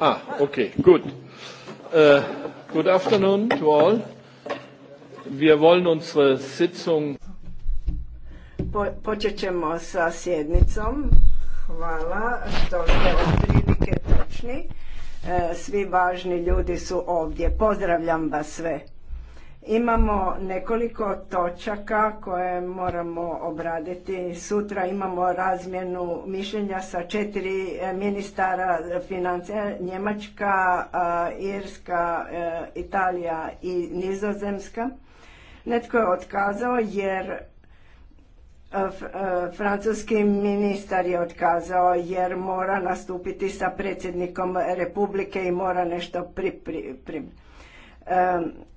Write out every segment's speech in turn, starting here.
Ah, okay, gut. Äh, good afternoon to all. Wir wollen unsere Sitzung... počet ćemo sa sjednicom. Hvala što ste otprilike točni. Äh, svi važni ljudi su ovdje. Pozdravljam vas sve. Imamo nekoliko točaka koje moramo obraditi. Sutra imamo razmjenu mišljenja sa četiri e, ministara financija, Njemačka, e, Irska, e, Italija i Nizozemska. Netko je otkazao jer francuski ministar je otkazao jer mora nastupiti sa predsjednikom Republike i mora nešto pripremiti.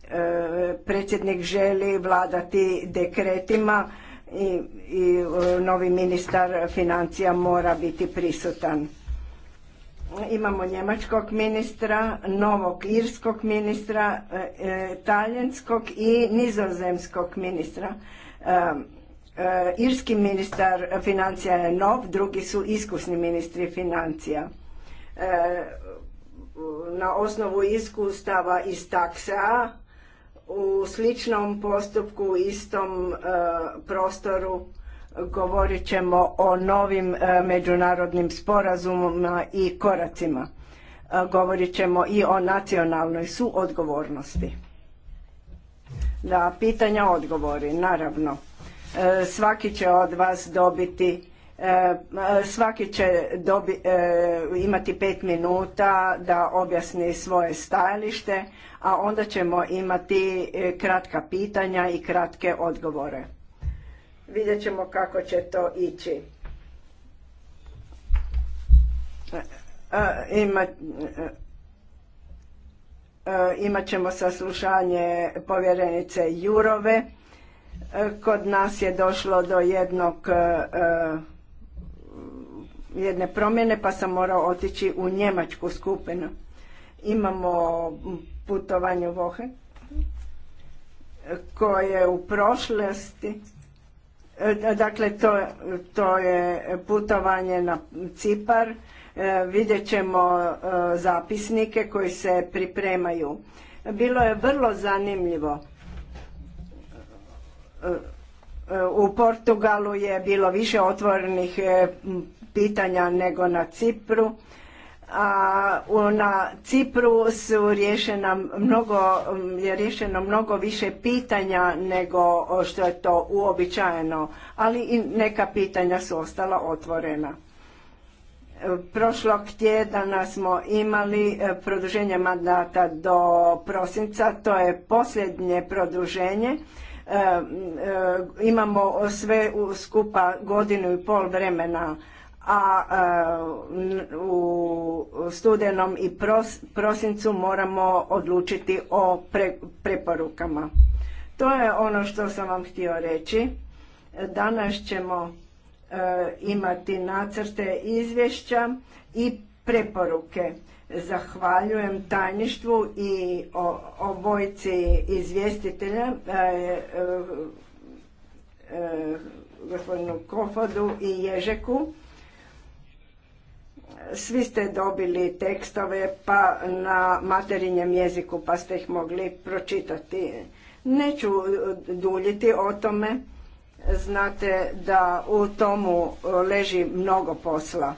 E, predsjednik želi vladati dekretima i, e, novi ministar financija mora biti prisutan. Imamo njemačkog ministra, novog irskog ministra, e, talijanskog i nizozemskog ministra. irski ministar financija je nov, drugi su iskusni ministri financija. Na osnovu iskustava iz taksa u sličnom postupku u istom e, prostoru govorit ćemo o novim e, međunarodnim sporazumima i koracima. E, govorit ćemo i o nacionalnoj suodgovornosti. Da, pitanja odgovori, naravno. Svaki će od vas dobiti Svaki će e, imati pet minuta da objasni svoje stajalište, a onda ćemo imati e, kratka pitanja i kratke odgovore. Vidjet ćemo kako će to ići. E, Imaćemo imat ćemo saslušanje povjerenice Jurove. Kod nas je došlo do jednog jedne promjene pa sam morao otići u njemačku skupinu. Imamo putovanje Vohe koje u prošlosti e, dakle to, to je putovanje na Cipar e, vidjet ćemo e, zapisnike koji se pripremaju. Bilo je vrlo zanimljivo. U Portugalu je bilo više otvorenih pitanja nego na Cipru. A na Cipru su riješena mnogo, je riješeno mnogo više pitanja nego što je to uobičajeno, ali i neka pitanja su ostala otvorena. Prošlog tjedana smo imali e, produženje mandata do prosinca, to je posljednje produženje. E, e, imamo sve u skupa godinu i pol vremena a e, u studenom i prosincu moramo odlučiti o preporukama. To je ono što sam vam htio reći. Danas ćemo e, imati nacrte izvješća i preporuke. Zahvaljujem tajništvu i obojci izvjestitelja e, gospodinu Kofodu i Ježeku svi ste dobili tekstove pa na materinjem jeziku pa ste ih mogli pročitati. Neću e, duljiti o tome, znate da u tomu e, leži mnogo posla.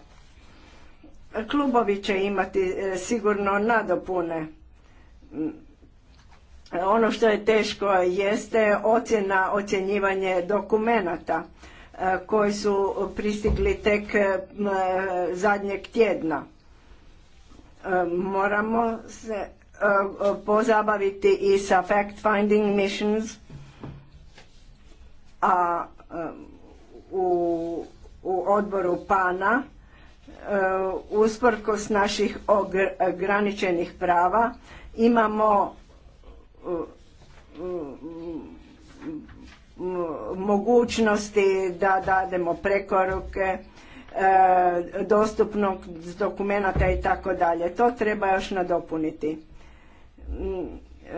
Klubovi će imati e, sigurno nadopune. Ono što je teško jeste ocjena, ocjenjivanje dokumenata koji su pristigli tek e, zadnjeg tjedna. E, moramo se e, pozabaviti i sa fact-finding missions, a u, u odboru PANA usprkos naših ograničenih prava imamo mogućnosti da dademo prekoruke e, dostupnog dokumenta i tako dalje. To treba još nadopuniti. Mm,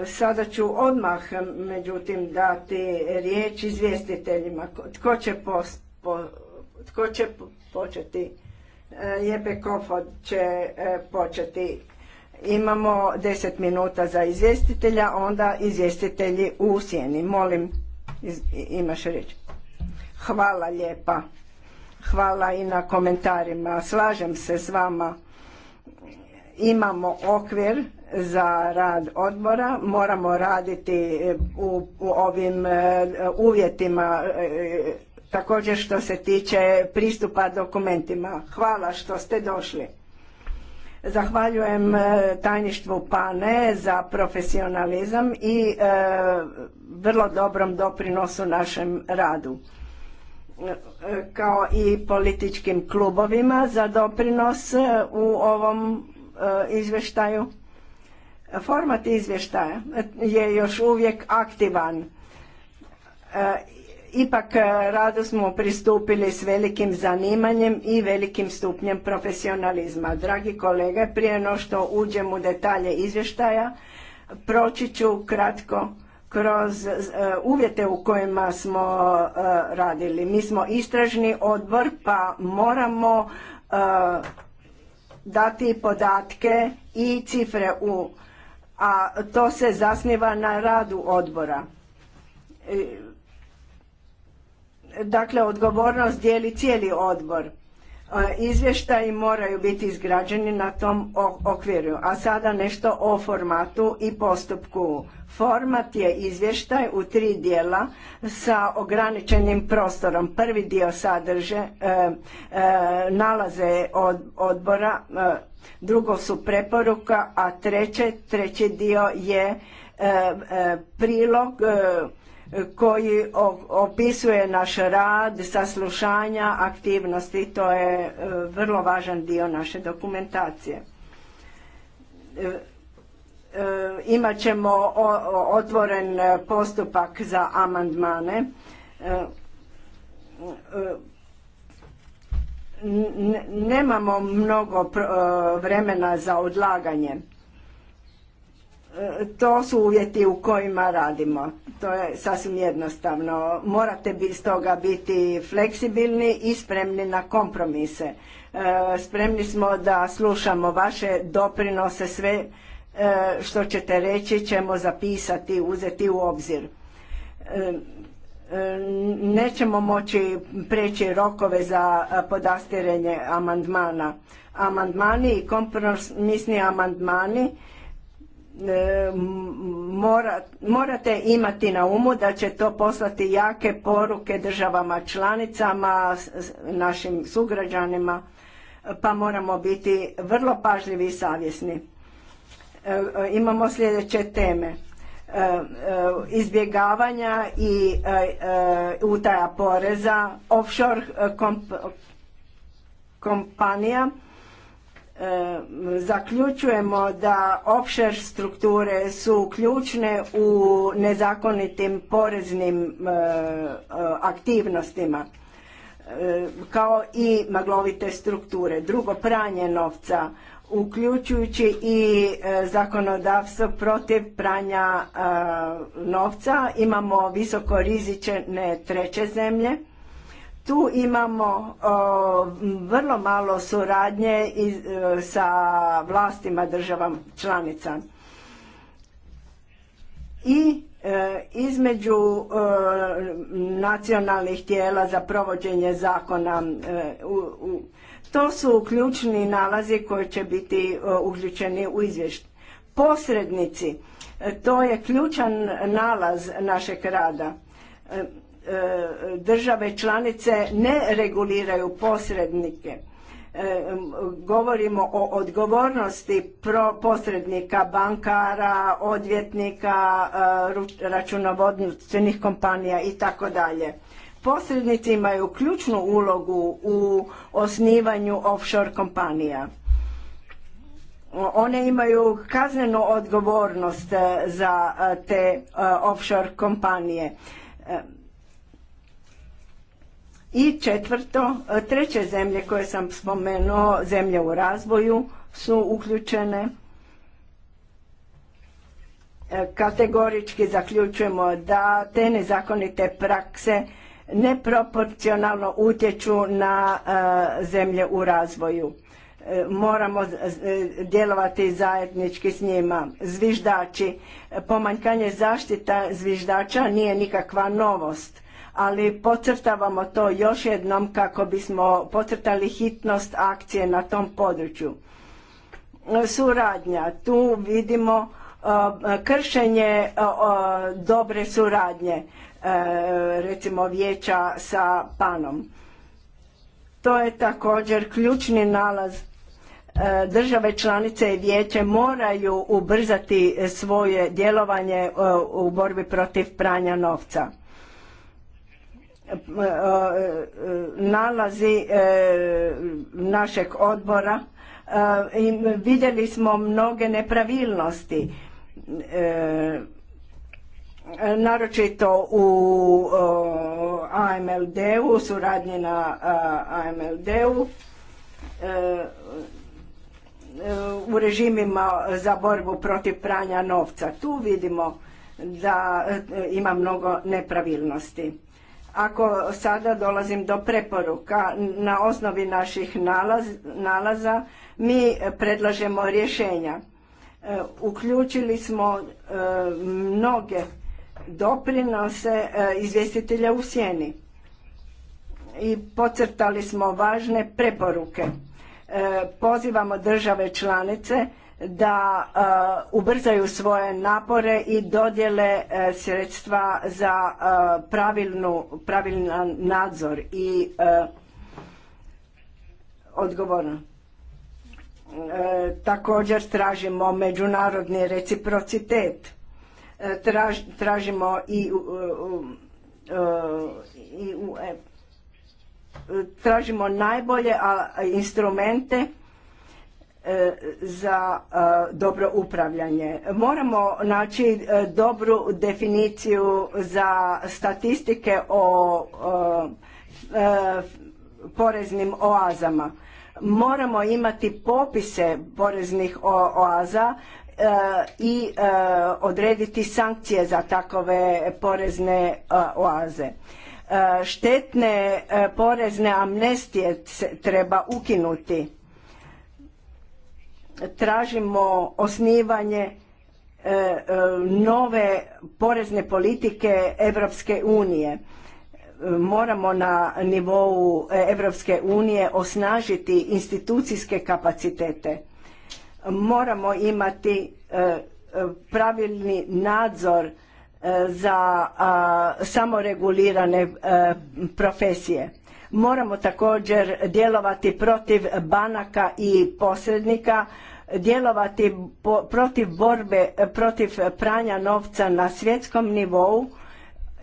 sada ću odmah, međutim, dati riječ izvjestiteljima. Tko će, po, tko će početi? E, Jebe Kofo će e, početi. Imamo deset minuta za izvjestitelja, onda izvjestitelji u sjeni. Molim imaš reći. Hvala lijepa. Hvala i na komentarima. Slažem se s vama. Imamo okvir za rad odbora. Moramo raditi eh, u, u ovim eh, uvjetima eh, također što se tiče pristupa dokumentima. Hvala što ste došli. Zahvaljujem e, tajništvu PANE za profesionalizam i e, vrlo dobrom doprinosu našem radu e, kao i političkim klubovima za doprinos u ovom izvještaju. Format izvještaja je još uvijek aktivan Ipak e, rado smo pristupili s velikim zanimanjem i velikim stupnjem profesionalizma. Dragi kolege, prije no što uđem u detalje izvještaja, proći ću kratko kroz e, uvjete u kojima smo e, radili. Mi smo istražni odbor pa moramo dati podatke i cifre u, a to se zasniva na radu odbora. I, Dakle, odgovornost dijeli cijeli odbor. E, izvještaji moraju biti izgrađeni na tom okviru. A sada nešto o formatu i postupku. Format je izvještaj u tri dijela sa ograničenim prostorom. Prvi dio sadrže e, e, nalaze od, odbora, drugo su preporuka, a treće, treći dio je prilog koji opisuje naš rad, saslušanja, aktivnosti. To je e, vrlo važan dio naše dokumentacije. E, e, imat ćemo otvoren postupak za amandmane. Nemamo mnogo vremena za odlaganje E, to su uvjeti u kojima radimo. To je sasvim jednostavno. Morate bi stoga biti fleksibilni i spremni na kompromise. E, spremni smo da slušamo vaše doprinose, sve e, što ćete reći ćemo zapisati, uzeti u obzir. Nećemo moći preći rokove za podastiranje amandmana. Amandmani i kompromisni amandmani E, morate imati na umu da će to poslati jake poruke državama članicama, našim sugrađanima, pa moramo biti vrlo pažljivi i savjesni. E, e, imamo sljedeće teme. izbjegavanja i utaja poreza, offshore kompanija, zaključujemo da offshore strukture su ključne u nezakonitim poreznim e, e, aktivnostima e, kao i maglovite strukture. Drugo, pranje novca, uključujući i zakonodavstvo protiv pranja novca. Imamo visoko rizične treće zemlje tu imamo vrlo malo suradnje e, sa vlastima država članica. I e, između nacionalnih tijela za provođenje zakona e, to su ključni nalazi koji će biti uključeni u izvješću. Posrednici, to je ključan nalaz našeg rada države članice ne reguliraju posrednike. E, govorimo o odgovornosti posrednika, bankara, odvjetnika, e, računovodstvenih kompanija i tako dalje. Posrednici imaju ključnu ulogu u osnivanju offshore kompanija. One imaju kaznenu odgovornost e, za te offshore kompanije. I četvrto, e, treće zemlje koje sam spomenuo, zemlje u razvoju su uključene. E, kategorički zaključujemo da te nezakonite prakse neproporcionalno utječu na e, zemlje u razvoju. Moramo djelovati zajednički s njima. Zviždači, pomanjkanje zaštita zviždača nije nikakva novost ali podcrtavamo to još jednom kako bismo podcrtali hitnost akcije na tom području. Suradnja. Tu vidimo e, kršenje e, dobre suradnje e, recimo vijeća sa panom. To je također ključni nalaz države članice i vijeće moraju ubrzati svoje djelovanje u borbi protiv pranja novca nalazi e, našeg odbora e, i vidjeli smo mnoge nepravilnosti e, naročito u AMLD-u, suradnji na AMLD-u, u režimima za borbu protiv pranja novca. Tu vidimo da ima mnogo nepravilnosti. Ako sada dolazim do preporuka na osnovi naših nalaza, mi predlažemo rješenja. E, uključili smo e, mnoge doprinose e, izvjestitelja u sjeni i pocrtali smo važne preporuke. Pozivamo države članice da e, ubrzaju svoje napore i dodjele e, sredstva za e, pravilan nadzor i odgovorno. također tražimo međunarodni reciprocitet. tražimo i, tražimo najbolje instrumente E, za e, dobro upravljanje. Moramo naći e, dobru definiciju za statistike o poreznim oazama. Moramo imati popise poreznih oaza i odrediti sankcije za takove porezne oaze. Štetne porezne amnestije treba ukinuti tražimo osnivanje e, e, nove porezne politike Europske unije. E, moramo na nivou Evropske unije osnažiti institucijske kapacitete. Moramo imati pravilni nadzor za samoregulirane profesije. Moramo također djelovati protiv banaka i posrednika djelovati protiv borbe, protiv pranja novca na svjetskom nivou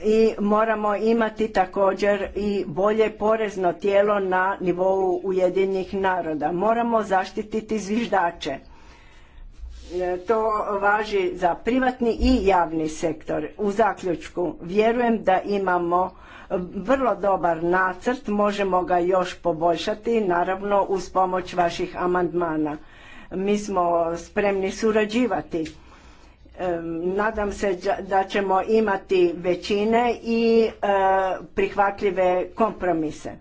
i moramo imati također i bolje porezno tijelo na nivou Ujedinjenih naroda. Moramo zaštititi zviždače. E, to važi za privatni i javni sektor. U zaključku vjerujem da imamo vrlo dobar nacrt, možemo ga još poboljšati, naravno uz pomoć vaših amandmana. Mi smo spremni surađivati. Nadam se da ćemo imati većine i e, prihvatljive kompromise.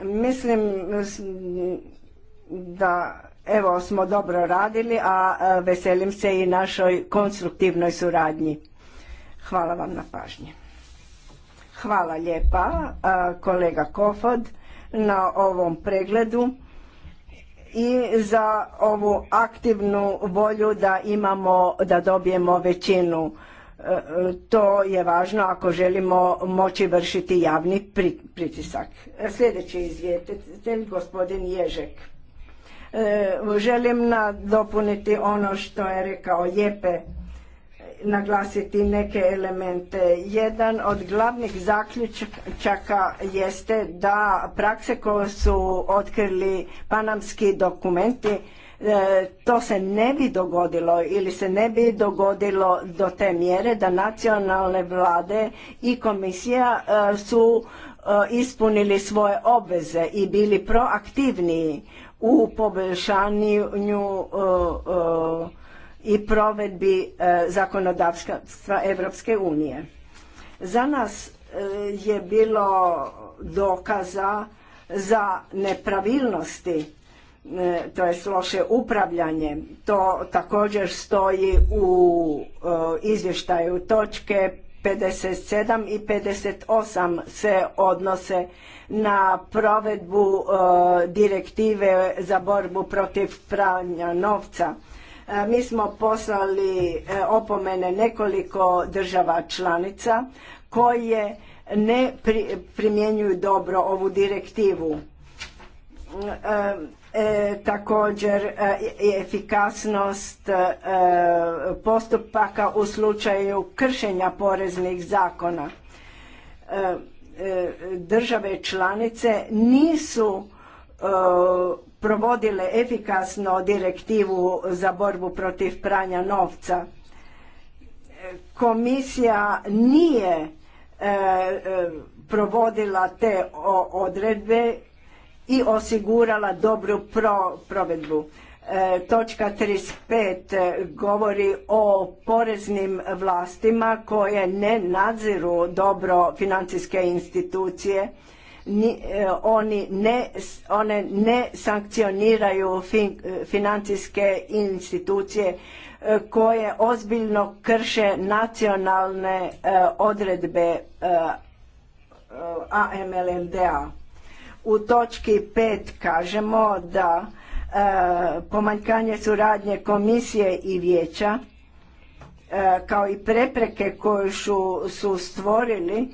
Mislim da evo smo dobro radili, a e, veselim se i našoj konstruktivnoj suradnji. Hvala vam na pažnji. Hvala lijepa e, kolega Kofod na ovom pregledu i za ovu aktivnu volju da imamo, da dobijemo većinu. E, to je važno ako želimo moći vršiti javni pritisak. Sljedeći izvjetitelj, gospodin Ježek. E, želim nadopuniti ono što je rekao Jepe naglasiti neke elemente. Jedan od glavnih zaključaka jeste da prakse koje su otkrili panamski dokumenti e, to se ne bi dogodilo ili se ne bi dogodilo do te mjere da nacionalne vlade i komisija e, su e, ispunili svoje obveze i bili proaktivniji u poboljšanju i provedbi e, zakonodavstva Evropske unije. Za nas e, je bilo dokaza za nepravilnosti, e, to je loše upravljanje. To također stoji u izvještaju točke 57 i 58 se odnose na provedbu direktive za borbu protiv pranja novca mi smo poslali e, opomene nekoliko država članica koje ne primjenjuju dobro ovu direktivu. E, e, također efikasnost postupaka u slučaju kršenja poreznih zakona. Države članice nisu provodile efikasno direktivu za borbu protiv pranja novca. E, komisija nije e, e, provodila te odredbe i osigurala dobru provedbu. Točka 35 govori o poreznim vlastima koje ne nadziru dobro financijske institucije E, oni ne, one ne sankcioniraju e, financijske institucije e, koje ozbiljno krše nacionalne odredbe AMLND-a. U točki 5 kažemo da pomanjkanje suradnje komisije i vijeća kao i prepreke koje su stvorili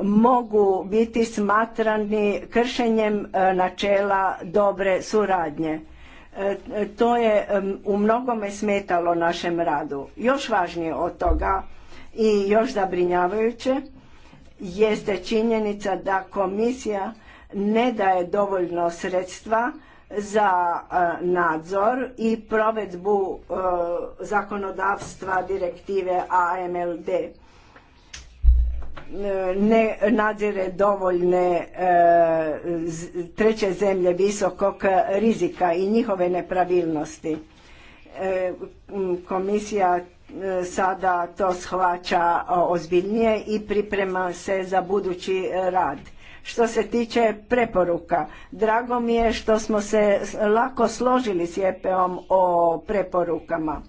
mogu biti smatrani kršenjem e, načela dobre suradnje. E, e, to je u mnogome smetalo našem radu. Još važnije od toga i još zabrinjavajuće jeste činjenica da komisija ne daje dovoljno sredstva za nadzor i provedbu zakonodavstva direktive AMLD ne nadzire dovoljne e, treće zemlje visokog rizika i njihove nepravilnosti. E, komisija e, sada to shvaća ozbiljnije i priprema se za budući rad. Što se tiče preporuka, drago mi je što smo se lako složili s jepeom o preporukama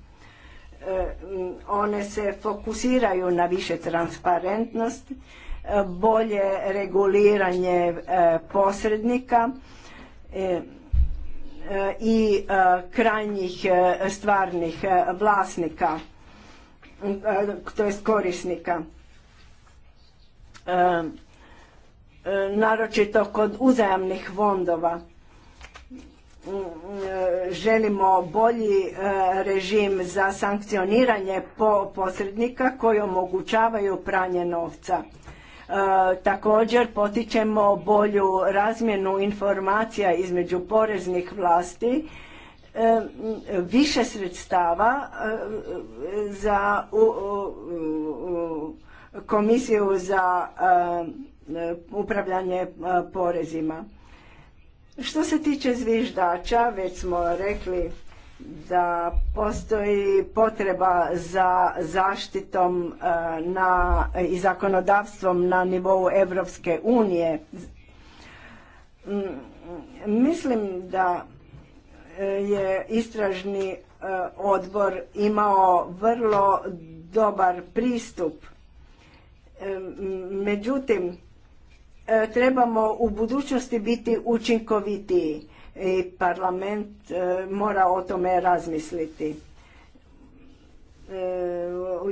one se fokusiraju na više transparentnost, bolje reguliranje e, posrednika e, e, i krajnjih stvarnih vlasnika, to korisnika. Naročito kod uzajamnih fondova Mm, želimo bolji e, režim za sankcioniranje posrednika koji omogućavaju pranje novca. E, također potičemo bolju razmjenu informacija između poreznih vlasti, e, više sredstava za komisiju za upravljanje porezima što se tiče zviždača, već smo rekli da postoji potreba za zaštitom e, i zakonodavstvom na nivou Europske unije. Mm, mislim da e, je istražni e, odbor imao vrlo dobar pristup. Međutim, E, trebamo u budućnosti biti učinkovitiji i e, parlament e, mora o tome razmisliti.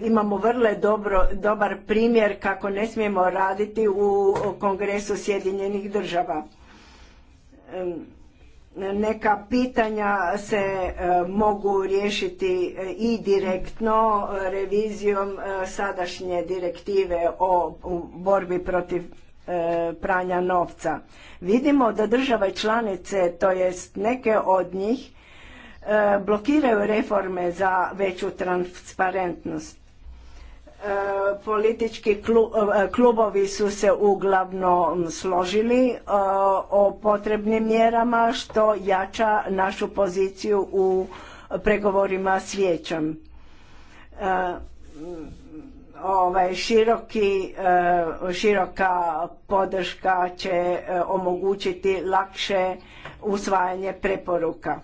Imamo vrlo dobro, dobar primjer kako ne smijemo raditi u Kongresu Sjedinjenih država. Neka pitanja se mogu riješiti i direktno revizijom sadašnje direktive o borbi protiv E, pranja novca. Vidimo da države članice, to jest neke od njih, e, blokiraju reforme za veću transparentnost. E, politički klubovi su se uglavnom složili o potrebnim mjerama što jača našu poziciju u pregovorima s vijećem ovaj široki, eh, široka podrška će eh, omogućiti lakše usvajanje preporuka.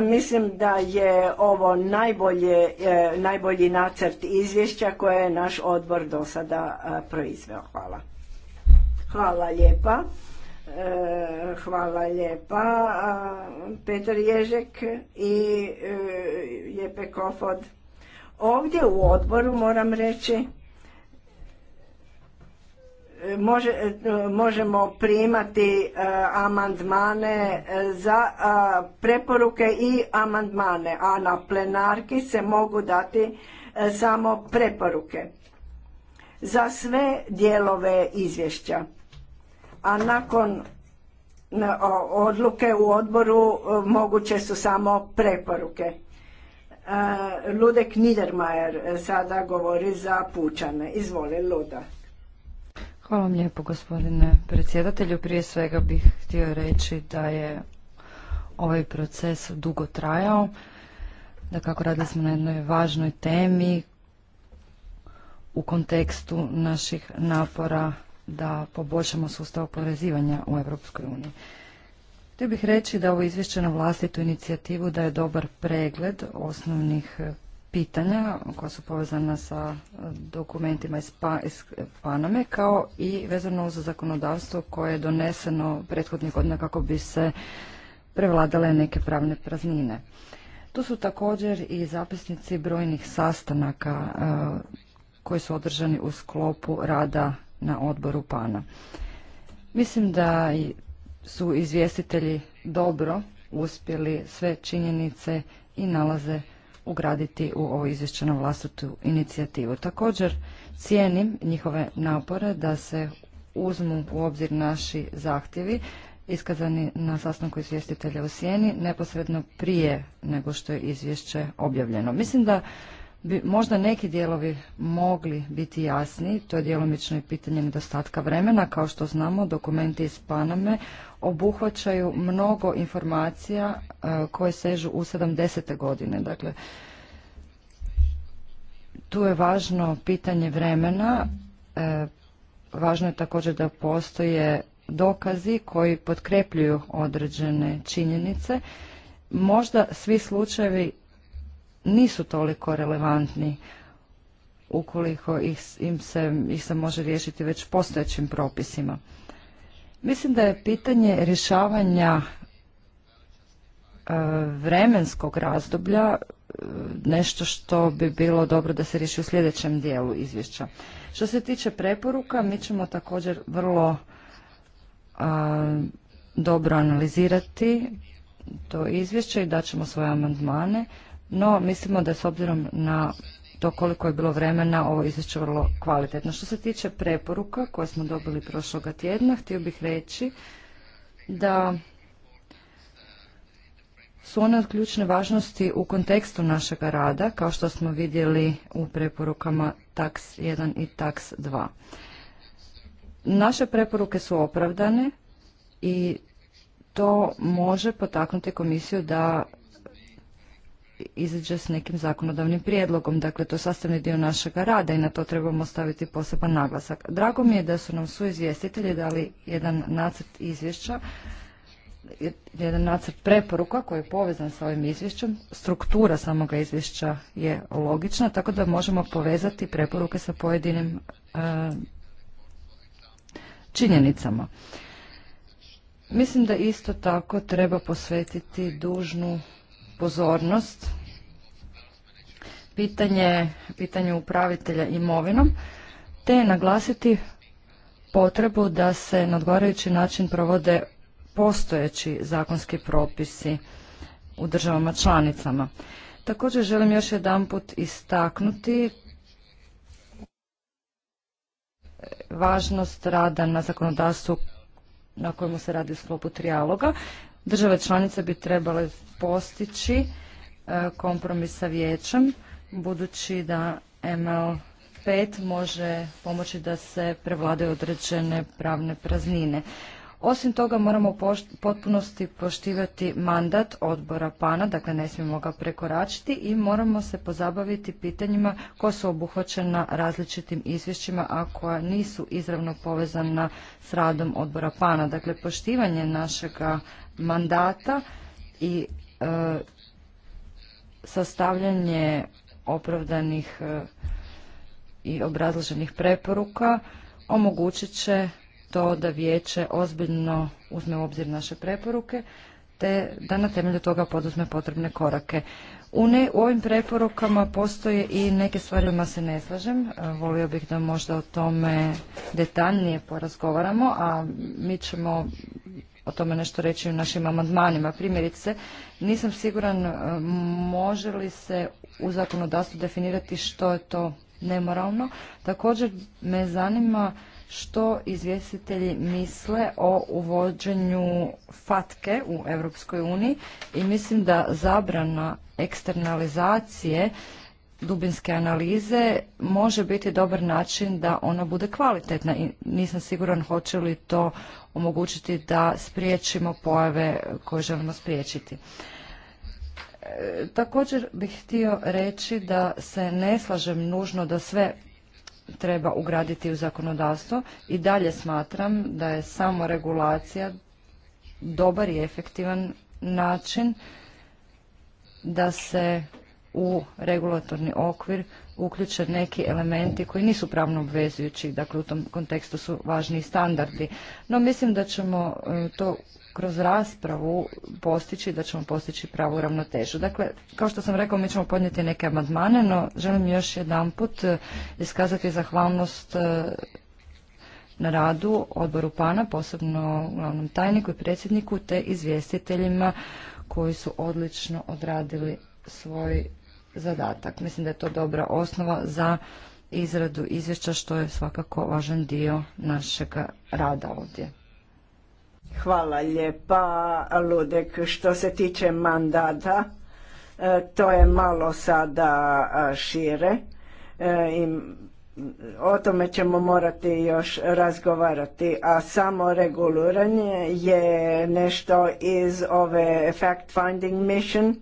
Mislim da je ovo najbolje, eh, najbolji nacrt izvješća koje je naš odbor do sada proizveo. Hvala. Hvala lijepa. Hvala lijepa Petar Ježek i Jepe Kofod. Ovdje u odboru moram reći Može, e, možemo primati e, amandmane e, za preporuke i amandmane, a na plenarki se mogu dati samo preporuke za sve dijelove izvješća. A nakon odluke u odboru moguće su samo preporuke. Ludek Niedermayer e, sada govori za pučane. Izvoli Luda. Hvala vam lijepo gospodine predsjedatelju. Prije svega bih htio reći da je ovaj proces dugo trajao, da kako radili smo na jednoj važnoj temi u kontekstu naših napora da poboljšamo sustav oporezivanja u Europskoj uniji. Htio bih reći da ovo izvješće na vlastitu inicijativu da je dobar pregled osnovnih e, pitanja koja su povezana sa e, dokumentima pa-, iz, Paname kao i vezano uz zakonodavstvo koje je doneseno prethodnih godina kako bi se prevladale neke pravne praznine. Tu su također i zapisnici brojnih sastanaka e, koji su održani u sklopu rada na odboru PANA. Mislim da su izvjestitelji dobro uspjeli sve činjenice i nalaze ugraditi u ovo izvješće na vlastitu inicijativu. Također cijenim njihove napore da se uzmu u obzir naši zahtjevi iskazani na sastanku izvjestitelja u Sjeni neposredno prije nego što je izvješće objavljeno. Mislim da bi možda neki dijelovi mogli biti jasni, to je djelomično i pitanje nedostatka vremena. Kao što znamo, dokumenti iz Paname obuhvaćaju mnogo informacija e, koje sežu u 70. godine. Dakle, tu je važno pitanje vremena, e, važno je također da postoje dokazi koji potkrepljuju određene činjenice. Možda svi slučajevi nisu toliko relevantni ukoliko ih, im se, ih može riješiti već postojećim propisima. Mislim da je pitanje rješavanja e, vremenskog razdoblja e, nešto što bi bilo dobro da se riješi u sljedećem dijelu izvješća. Što se tiče preporuka, mi ćemo također vrlo dobro analizirati to izvješće i daćemo svoje amandmane no mislimo da s obzirom na to koliko je bilo vremena ovo izvješće vrlo kvalitetno. Što se tiče preporuka koje smo dobili prošloga tjedna, htio bih reći da su one od ključne važnosti u kontekstu našega rada, kao što smo vidjeli u preporukama TAX 1 i TAX 2. Naše preporuke su opravdane i to može potaknuti komisiju da izađe s nekim zakonodavnim prijedlogom. Dakle, to je sastavni dio našega rada i na to trebamo staviti poseban naglasak. Drago mi je da su nam su izvjestitelji dali jedan nacrt izvješća, jedan nacrt preporuka koji je povezan sa ovim izvješćem. Struktura samoga izvješća je logična, tako da možemo povezati preporuke sa pojedinim e, činjenicama. Mislim da isto tako treba posvetiti dužnu pozornost pitanje, pitanje upravitelja imovinom, te naglasiti potrebu da se na odgovarajući način provode postojeći zakonski propisi u državama članicama. Također želim još jedanput istaknuti važnost rada na zakonodavstvu na kojemu se radi u sklopu trijaloga države članice bi trebale postići e, kompromis sa vijećem, budući da ML5 može pomoći da se prevladaju određene pravne praznine. Osim toga moramo u potpunosti poštivati mandat odbora PANA, dakle ne smijemo ga prekoračiti i moramo se pozabaviti pitanjima koja su obuhvaćena različitim izvješćima, a koja nisu izravno povezana s radom odbora PANA. Dakle, poštivanje našega mandata i e, sastavljanje opravdanih e, i obrazloženih preporuka omogućit će to da vijeće ozbiljno uzme u obzir naše preporuke te da na temelju toga poduzme potrebne korake. U, ovim preporukama postoje i neke stvari kojima se ne slažem. E, volio bih da možda o tome detaljnije porazgovaramo, a mi ćemo o tome nešto reći u našim amandmanima. Primjerice, nisam siguran e, može li se u zakonodavstvu definirati što je to nemoralno. Također me zanima što izvjestitelji misle o uvođenju fatke u Europskoj uniji i mislim da zabrana eksternalizacije dubinske analize može biti dobar način da ona bude kvalitetna i nisam siguran hoće li to omogućiti da spriječimo pojave koje želimo spriječiti. E, također bih htio reći da se ne slažem nužno da sve treba ugraditi u zakonodavstvo i dalje smatram da je samo regulacija dobar i efektivan način da se u regulatorni okvir uključe neki elementi koji nisu pravno obvezujući, dakle u tom kontekstu su važni i standardi. No mislim da ćemo e, to kroz raspravu postići, da ćemo postići pravu ravnotežu. Dakle, kao što sam rekao, mi ćemo podnijeti neke amandmane, no želim još jedanput e, iskazati zahvalnost e, na radu odboru PANA, posebno glavnom tajniku i predsjedniku, te izvjestiteljima koji su odlično odradili svoj zadatak. Mislim da je to dobra osnova za izradu izvješća, što je svakako važan dio našega rada ovdje. Hvala lijepa, Ludek. Što se tiče mandata, e, to je malo sada šire e, i o tome ćemo morati još razgovarati, a samo reguliranje je nešto iz ove fact-finding mission –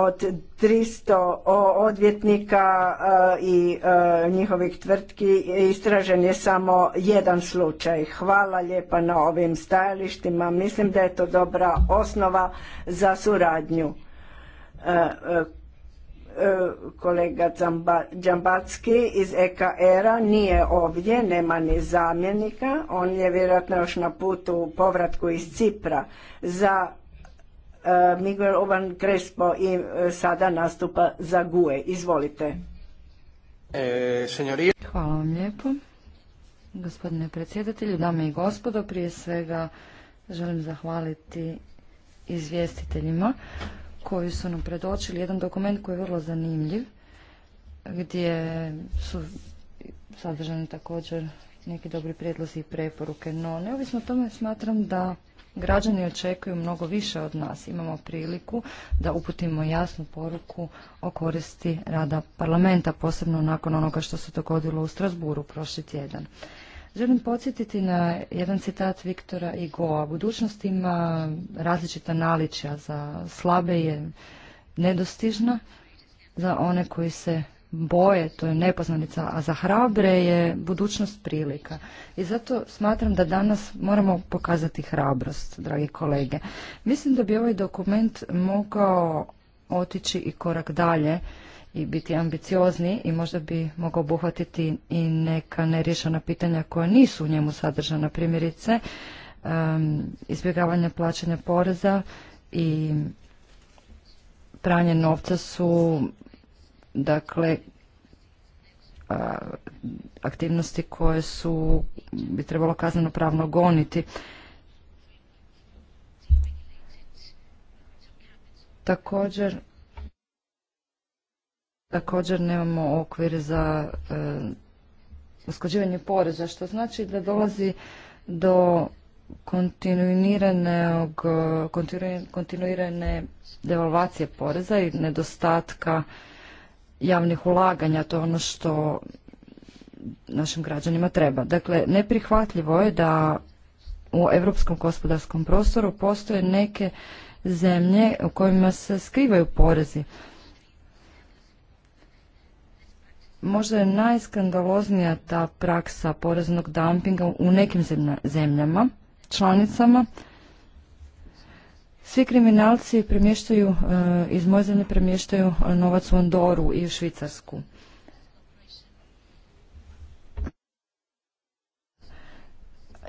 od 300 odvjetnika e, i e, njihovih tvrtki istražen je samo jedan slučaj. Hvala lijepa na ovim stajalištima. Mislim da je to dobra osnova za suradnju. E, kolega Džambacki iz EKR-a nije ovdje, nema ni zamjenika. On je vjerojatno još na putu u povratku iz Cipra. Za E, Miguel Oban Crespo i e, sada nastupa za GUE. Izvolite. E, Hvala vam lijepo. Gospodine predsjedatelju, dame i gospodo, prije svega želim zahvaliti izvjestiteljima koji su nam predočili jedan dokument koji je vrlo zanimljiv, gdje su sadržani također neki dobri prijedlozi i preporuke, no neovisno o tome smatram da Građani očekuju mnogo više od nas. Imamo priliku da uputimo jasnu poruku o koristi rada parlamenta, posebno nakon onoga što se dogodilo u Strasburu prošli tjedan. Želim podsjetiti na jedan citat Viktora Igoa. Budućnost ima različita naličja, za slabe je nedostižna, za one koji se boje, to je nepoznanica, a za hrabre je budućnost prilika. I zato smatram da danas moramo pokazati hrabrost, dragi kolege. Mislim da bi ovaj dokument mogao otići i korak dalje i biti ambiciozni i možda bi mogao obuhvatiti i neka nerješena pitanja koja nisu u njemu sadržana, primjerice izbjegavanje plaćanja poreza i pranje novca su Dakle, aktivnosti koje su bi trebalo kazneno pravno goniti. Također također nemamo okvir za e, uskođivanje poreza, što znači da dolazi do kontinuiranog kontinuirane devalvacije poreza i nedostatka javnih ulaganja, to je ono što našim građanima treba. Dakle, neprihvatljivo je da u europskom gospodarskom prostoru postoje neke zemlje u kojima se skrivaju porezi. Možda je najskandaloznija ta praksa poreznog dumpinga u nekim zemljama, članicama, svi kriminalci premještaju, e, iz moje zemlje premještaju e, novac u Andoru i u Švicarsku.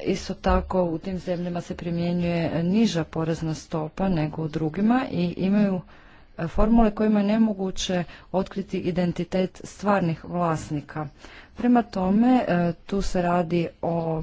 Isto tako u tim zemljama se primjenjuje niža porezna stopa nego u drugima i imaju e, formule kojima je nemoguće otkriti identitet stvarnih vlasnika. Prema tome, tu se radi o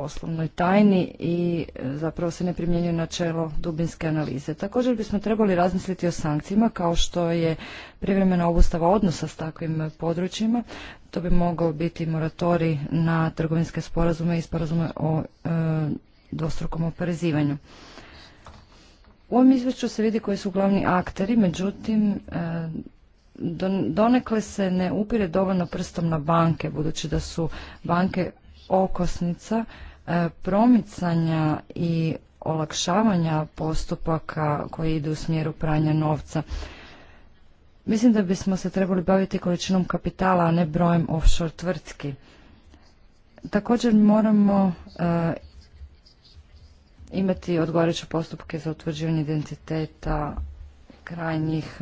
poslovnoj tajni i e, zapravo se ne primjenjuje načelo dubinske analize. Također bismo trebali razmisliti o sankcijima kao što je privremena obustava odnosa s takvim područjima. To bi mogao biti moratori na trgovinske sporazume i sporazume o e, dvostrukom oporezivanju. U ovom izvješću se vidi koji su glavni akteri, međutim, e, donekle se ne upire dovoljno prstom na banke, budući da su banke okosnica E, promicanja i olakšavanja postupaka koji idu u smjeru pranja novca. Mislim da bismo se trebali baviti količinom kapitala, a ne brojem offshore tvrtki. Također moramo e, imati odgovarajuće postupke za utvrđivanje identiteta krajnjih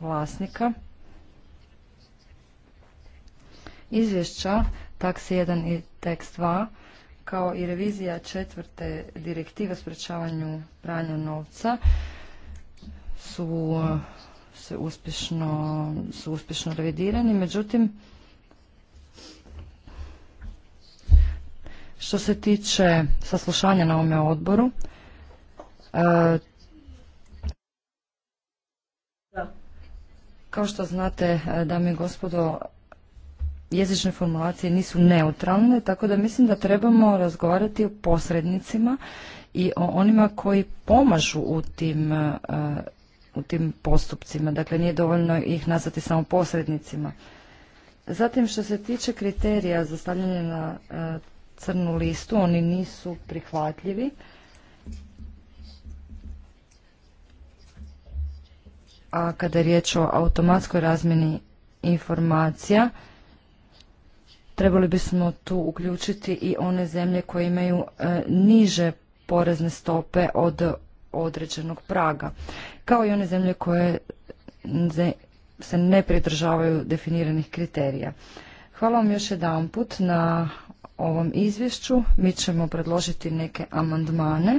vlasnika. Izvješća, taksi 1 i tekst 2, kao i revizija četvrte direktive o sprečavanju pranja novca su uh, se uspješno, su uspješno revidirani, međutim što se tiče saslušanja na ovome odboru uh, kao što znate, uh, dame i gospodo, jezične formulacije nisu neutralne, tako da mislim da trebamo razgovarati o posrednicima i o onima koji pomažu u tim, e, u tim postupcima. Dakle, nije dovoljno ih nazvati samo posrednicima. Zatim, što se tiče kriterija za stavljanje na e, crnu listu, oni nisu prihvatljivi. A kada je riječ o automatskoj razmjeni informacija, Trebali bismo tu uključiti i one zemlje koje imaju e, niže porezne stope od određenog praga, kao i one zemlje koje se ne pridržavaju definiranih kriterija. Hvala vam još jedan put na ovom izvješću. Mi ćemo predložiti neke amandmane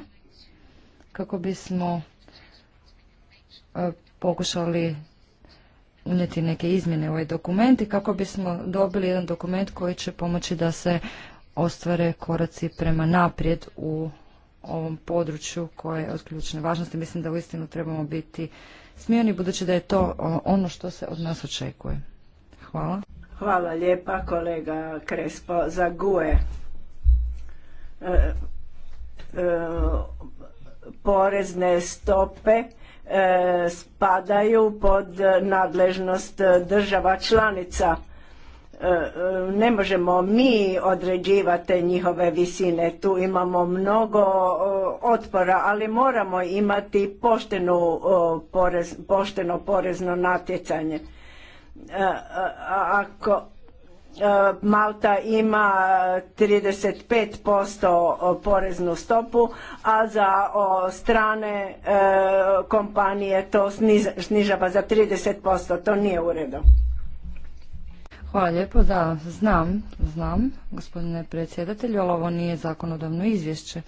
kako bismo e, pokušali unijeti neke izmjene u ovaj dokument i kako bismo dobili jedan dokument koji će pomoći da se ostvare koraci prema naprijed u ovom području koje je od ključne važnosti. Mislim da uistinu trebamo biti smijeni budući da je to ono što se od nas očekuje. Hvala. Hvala lijepa kolega Krespo za e, e, porezne stope E, spadaju pod nadležnost država članica. E, ne možemo mi određivati njihove visine, tu imamo mnogo e, otpora, ali moramo imati poštenu, pošteno porezno natjecanje. Ako Eh, Malta ima 35% eh, eh, poreznu stopu, a za strane kompanije to snižava za 30%. To nije uredo. Hvala lijepo, da, znam, znam, gospodine predsjedatelju, ali ovo nije zakonodavno izvješće.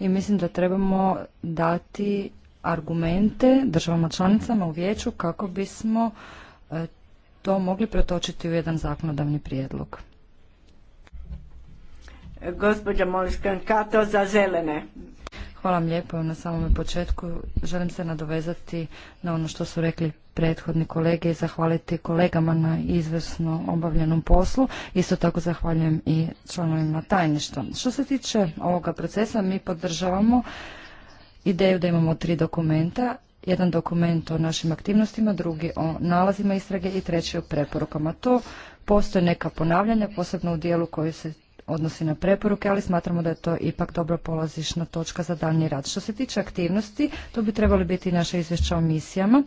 I mislim da trebamo dati argumente državama članicama u vijeću kako bismo to mogli pretočiti u jedan zakonodavni prijedlog. Kato za zelene. Hvala vam lijepo na samom početku. Želim se nadovezati na ono što su rekli prethodni kolege i zahvaliti kolegama na izvrsno obavljenom poslu. Isto tako zahvaljujem i članovima tajništva. Što se tiče ovoga procesa, mi podržavamo ideju da imamo tri dokumenta jedan dokument o našim aktivnostima, drugi o nalazima istrage i treći o preporukama. To postoje neka ponavljanja, posebno u dijelu koji se odnosi na preporuke, ali smatramo da je to ipak dobro polazišna točka za daljnji rad. Što se tiče aktivnosti, to bi trebali biti naše izvješća o misijama.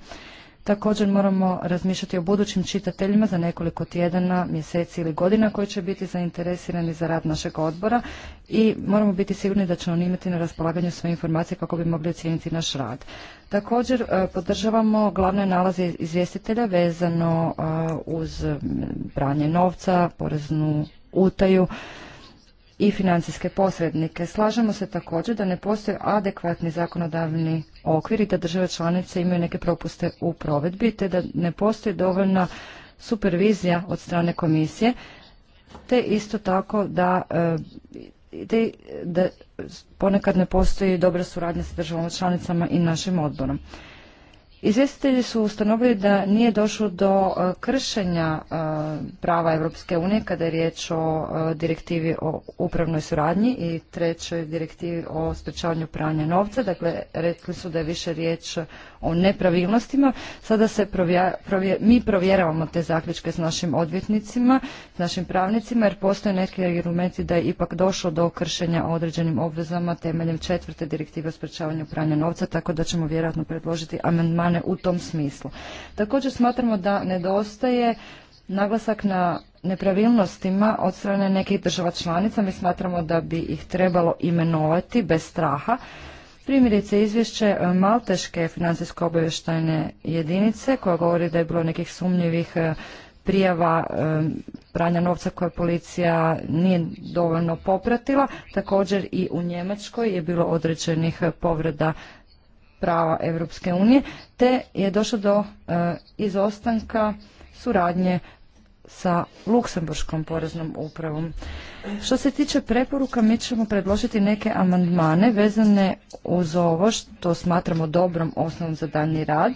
Također moramo razmišljati o budućim čitateljima za nekoliko tjedana, mjeseci ili godina koji će biti zainteresirani za rad našeg odbora i moramo biti sigurni da će oni imati na raspolaganju sve informacije kako bi mogli ocijeniti naš rad. Također e, podržavamo glavne nalaze izvjestitelja vezano e, uz branje novca, poreznu utaju i financijske posrednike. Slažemo se također da ne postoje adekvatni zakonodavni okvir i da države članice imaju neke propuste u provedbi, te da ne postoji dovoljna supervizija od strane komisije, te isto tako da, e, da ponekad ne postoji dobra suradnja sa državama članicama i našim odborom. Izvjestitelji su ustanovili da nije došlo do e, kršenja e, prava Europske unije kada je riječ o e, direktivi o upravnoj suradnji i trećoj direktivi o sprečavanju pranja novca. Dakle, rekli su da je više riječ o nepravilnostima. Sada se mi provjeravamo te zaključke s našim odvjetnicima, s našim pravnicima, jer postoje neki argumenti da je ipak došlo do kršenja određenim obvezama temeljem četvrte direktive o sprečavanju pranja novca, tako da ćemo vjerojatno predložiti amandmane u tom smislu. Također smatramo da nedostaje naglasak na nepravilnostima od strane nekih država članica. Mi smatramo da bi ih trebalo imenovati bez straha Primjerice izvješće e, Malteške financijsko-obavještajne jedinice koja govori da je bilo nekih sumnjivih e, prijava e, pranja novca koje policija nije dovoljno popratila. Također i u Njemačkoj je bilo određenih povreda prava Europske unije, te je došlo do izostanka suradnje sa Luksemburškom poreznom upravom. Što se tiče preporuka, mi ćemo predložiti neke amandmane vezane uz ovo što smatramo dobrom osnovom za daljnji rad.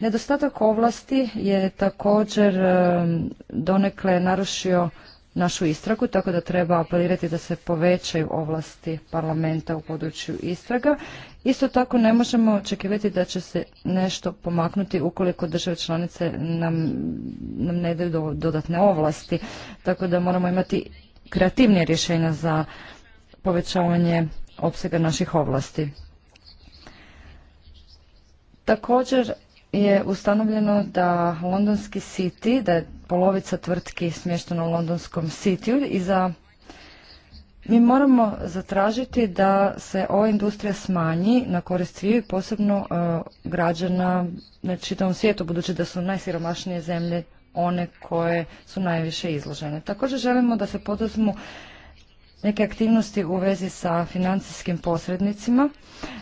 Nedostatak ovlasti je također e, donekle narušio našu istragu, tako da treba apelirati da se povećaju ovlasti parlamenta u području istraga Isto tako ne možemo očekivati da će se nešto pomaknuti ukoliko države članice nam, nam ne daju dodatne ovlasti. Tako da moramo imati kreativnije rješenja za povećavanje opsega naših ovlasti. Također je ustanovljeno da Londonski City, da je polovica tvrtki smještena u Londonskom Cityu i za mi moramo zatražiti da se ova industrija smanji na korist sviju, posebno e, građana na čitavom svijetu, budući da su najsiromašnije zemlje one koje su najviše izložene. Također želimo da se poduzmu neke aktivnosti u vezi sa financijskim posrednicima.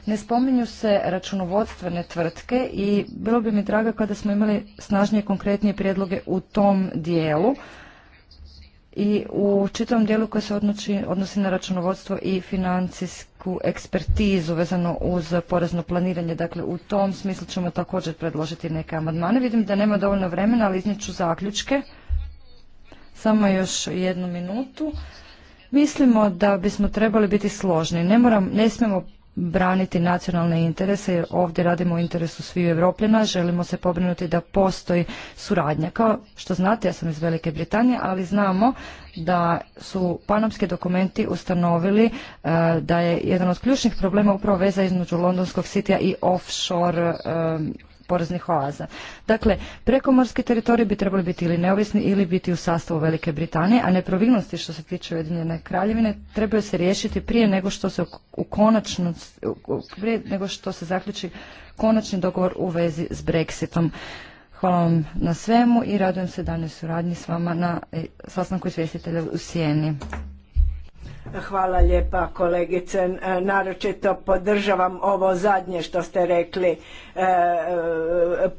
Ne spominju se računovodstvene tvrtke i bilo bi mi drago kada smo imali snažnije konkretnije prijedloge u tom dijelu i u čitavom dijelu koji se odnosi, odnosi na računovodstvo i financijsku ekspertizu vezano uz porezno planiranje. Dakle, u tom smislu ćemo također predložiti neke amandmane. Vidim da nema dovoljno vremena, ali ću zaključke. Samo još jednu minutu. Mislimo da bismo trebali biti složni. Ne, moram, ne smijemo braniti nacionalne interese jer ovdje radimo u interesu svih Evropljena, želimo se pobrinuti da postoji suradnja. Kao što znate, ja sam iz Velike Britanije, ali znamo da su panomski dokumenti ustanovili e, da je jedan od ključnih problema upravo veza između londonskog sitija i offshore e, poreznih oaza. Dakle, prekomorski teritorij bi trebali biti ili neovisni ili biti u sastavu Velike Britanije, a nepravilnosti što se tiče Ujedinjene kraljevine trebaju se riješiti prije nego što se u prije nego što se zaključi konačni dogovor u vezi s Brexitom. Hvala vam na svemu i radujem se danoj suradnji s vama na e, sastanku izvjestitelja u Sijeni. Hvala lijepa kolegice. E, naročito podržavam ovo zadnje što ste rekli. E, e,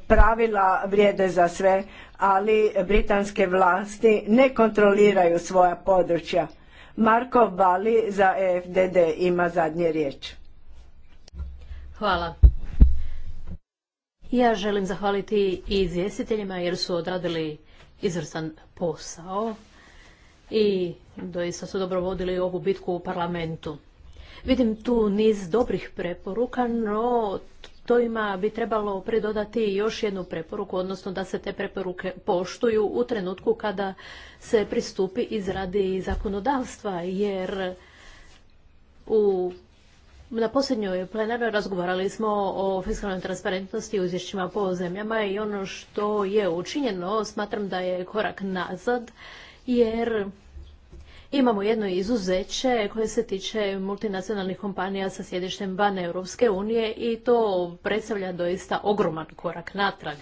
pravila vrijede za sve, ali britanske vlasti ne kontroliraju svoja područja. Marko Bali za EFDD ima zadnje riječ. Hvala. Ja želim zahvaliti i izvjestiteljima jer su odradili izvrstan posao i doista su dobro vodili ovu bitku u parlamentu. Vidim tu niz dobrih preporuka, no to ima bi trebalo pridodati još jednu preporuku, odnosno da se te preporuke poštuju u trenutku kada se pristupi izradi zakonodavstva, jer u na posljednjoj plenarnoj razgovarali smo o fiskalnoj transparentnosti u izvješćima po zemljama i ono što je učinjeno smatram da je korak nazad jer Imamo jedno izuzeće koje se tiče multinacionalnih kompanija sa sjedištem van Europske unije i to predstavlja doista ogroman korak natrag.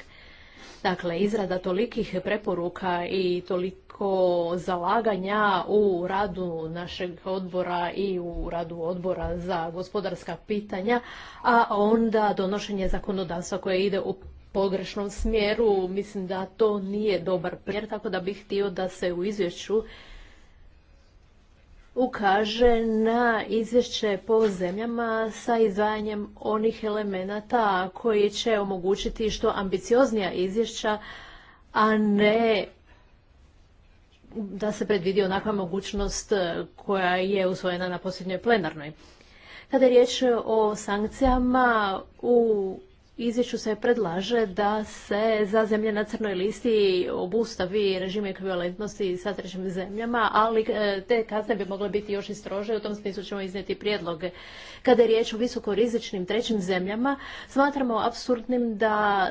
Dakle, izrada tolikih preporuka i toliko zalaganja u radu našeg odbora i u radu odbora za gospodarska pitanja, a onda donošenje zakonodavstva koje ide u pogrešnom smjeru, mislim da to nije dobar primjer, tako da bih htio da se u izvješću ukaže na izvješće po zemljama sa izdvajanjem onih elemenata koji će omogućiti što ambicioznija izvješća, a ne da se predvidi onakva mogućnost e, koja je usvojena na posljednjoj plenarnoj. Kada je riječ o sankcijama, u izvješću se predlaže da se za zemlje na crnoj listi obustavi režim ekvivalentnosti sa trećim zemljama, ali e, te kazne bi mogle biti još i strože. U tom smislu ćemo iznijeti prijedloge. Kada je riječ o visokorizičnim trećim zemljama, smatramo apsurdnim da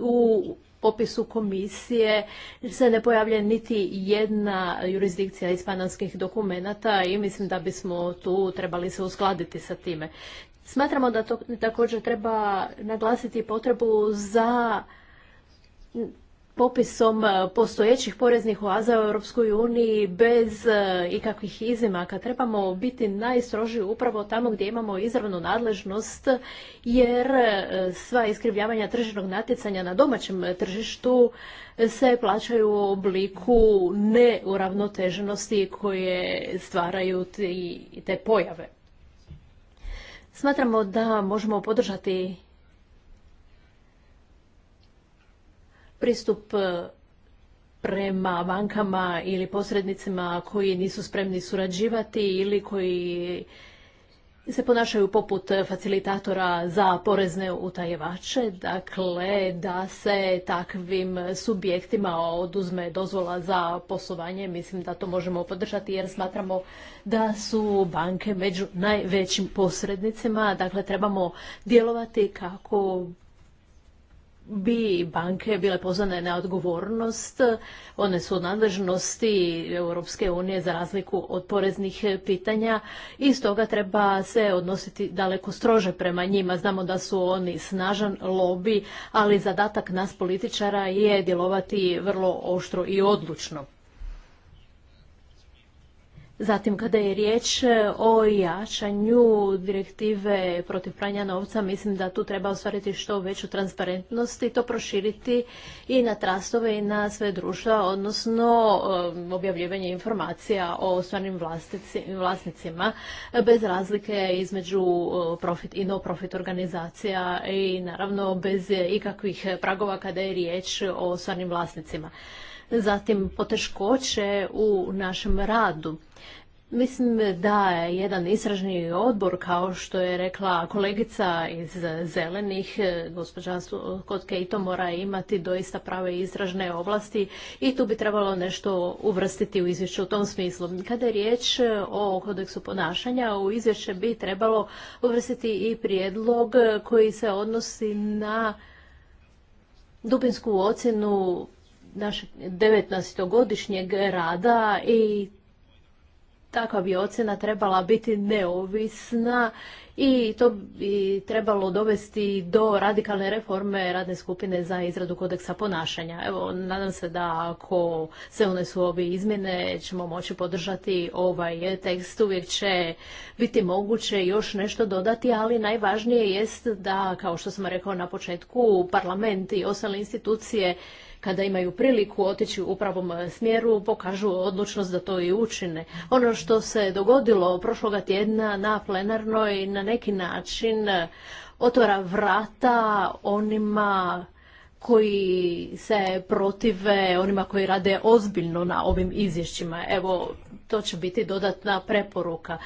u popisu komisije se ne pojavlja niti jedna jurisdikcija iz panamskih dokumenata i mislim da bismo tu trebali se uskladiti sa time. Smatramo da to također treba naglasiti potrebu za popisom postojećih poreznih oaza u Europskoj uniji bez e, ikakvih izimaka. Trebamo biti najstroži upravo tamo gdje imamo izravnu nadležnost jer e, sva iskrivljavanja tržišnog natjecanja na domaćem tržištu se plaćaju u obliku neuravnoteženosti koje stvaraju te pojave. Smatramo da možemo podržati pristup e, prema bankama ili posrednicima koji nisu spremni surađivati ili koji se ponašaju poput facilitatora za porezne utajevače, dakle da se takvim subjektima oduzme dozvola za poslovanje. Mislim da to možemo podržati jer smatramo da su banke među najvećim posrednicima. Dakle, trebamo djelovati kako bi banke bile pozvane na odgovornost. One su nadležnosti Europske unije za razliku od poreznih pitanja i stoga treba se odnositi daleko strože prema njima. Znamo da su oni snažan lobby, ali zadatak nas političara je djelovati vrlo oštro i odlučno. Zatim, kada je riječ e, o jačanju direktive protiv pranja novca, mislim da tu treba ostvariti što veću transparentnost i to proširiti i na trastove i na sve društva, odnosno e, objavljivanje informacija o stvarnim vlasnicima bez razlike između e, profit i no-profit organizacija i naravno bez ikakvih pragova kada je riječ o stvarnim vlasnicima zatim poteškoće u našem radu. Mislim da je jedan istražni odbor, kao što je rekla kolegica iz Zelenih, eh, gospođa Kotke, i to mora imati doista prave istražne oblasti i tu bi trebalo nešto uvrstiti u izvješće u tom smislu. Kada je riječ eh, o kodeksu ponašanja, u izvješće bi trebalo uvrstiti i prijedlog eh, koji se odnosi na dubinsku ocjenu našeg 19-godišnjeg rada i takva bi ocjena trebala biti neovisna i to bi trebalo dovesti do radikalne reforme radne skupine za izradu kodeksa ponašanja. Evo, nadam se da ako se unesu ove izmjene ćemo moći podržati ovaj tekst. Uvijek će biti moguće još nešto dodati, ali najvažnije jest da, kao što sam rekao na početku, parlament i ostale institucije kada imaju priliku otići u pravom e, smjeru, pokažu odlučnost da to i učine. Ono što se dogodilo prošloga tjedna na plenarnoj na neki način e, otvara vrata onima koji se protive onima koji rade ozbiljno na ovim izvješćima. Evo, to će biti dodatna preporuka.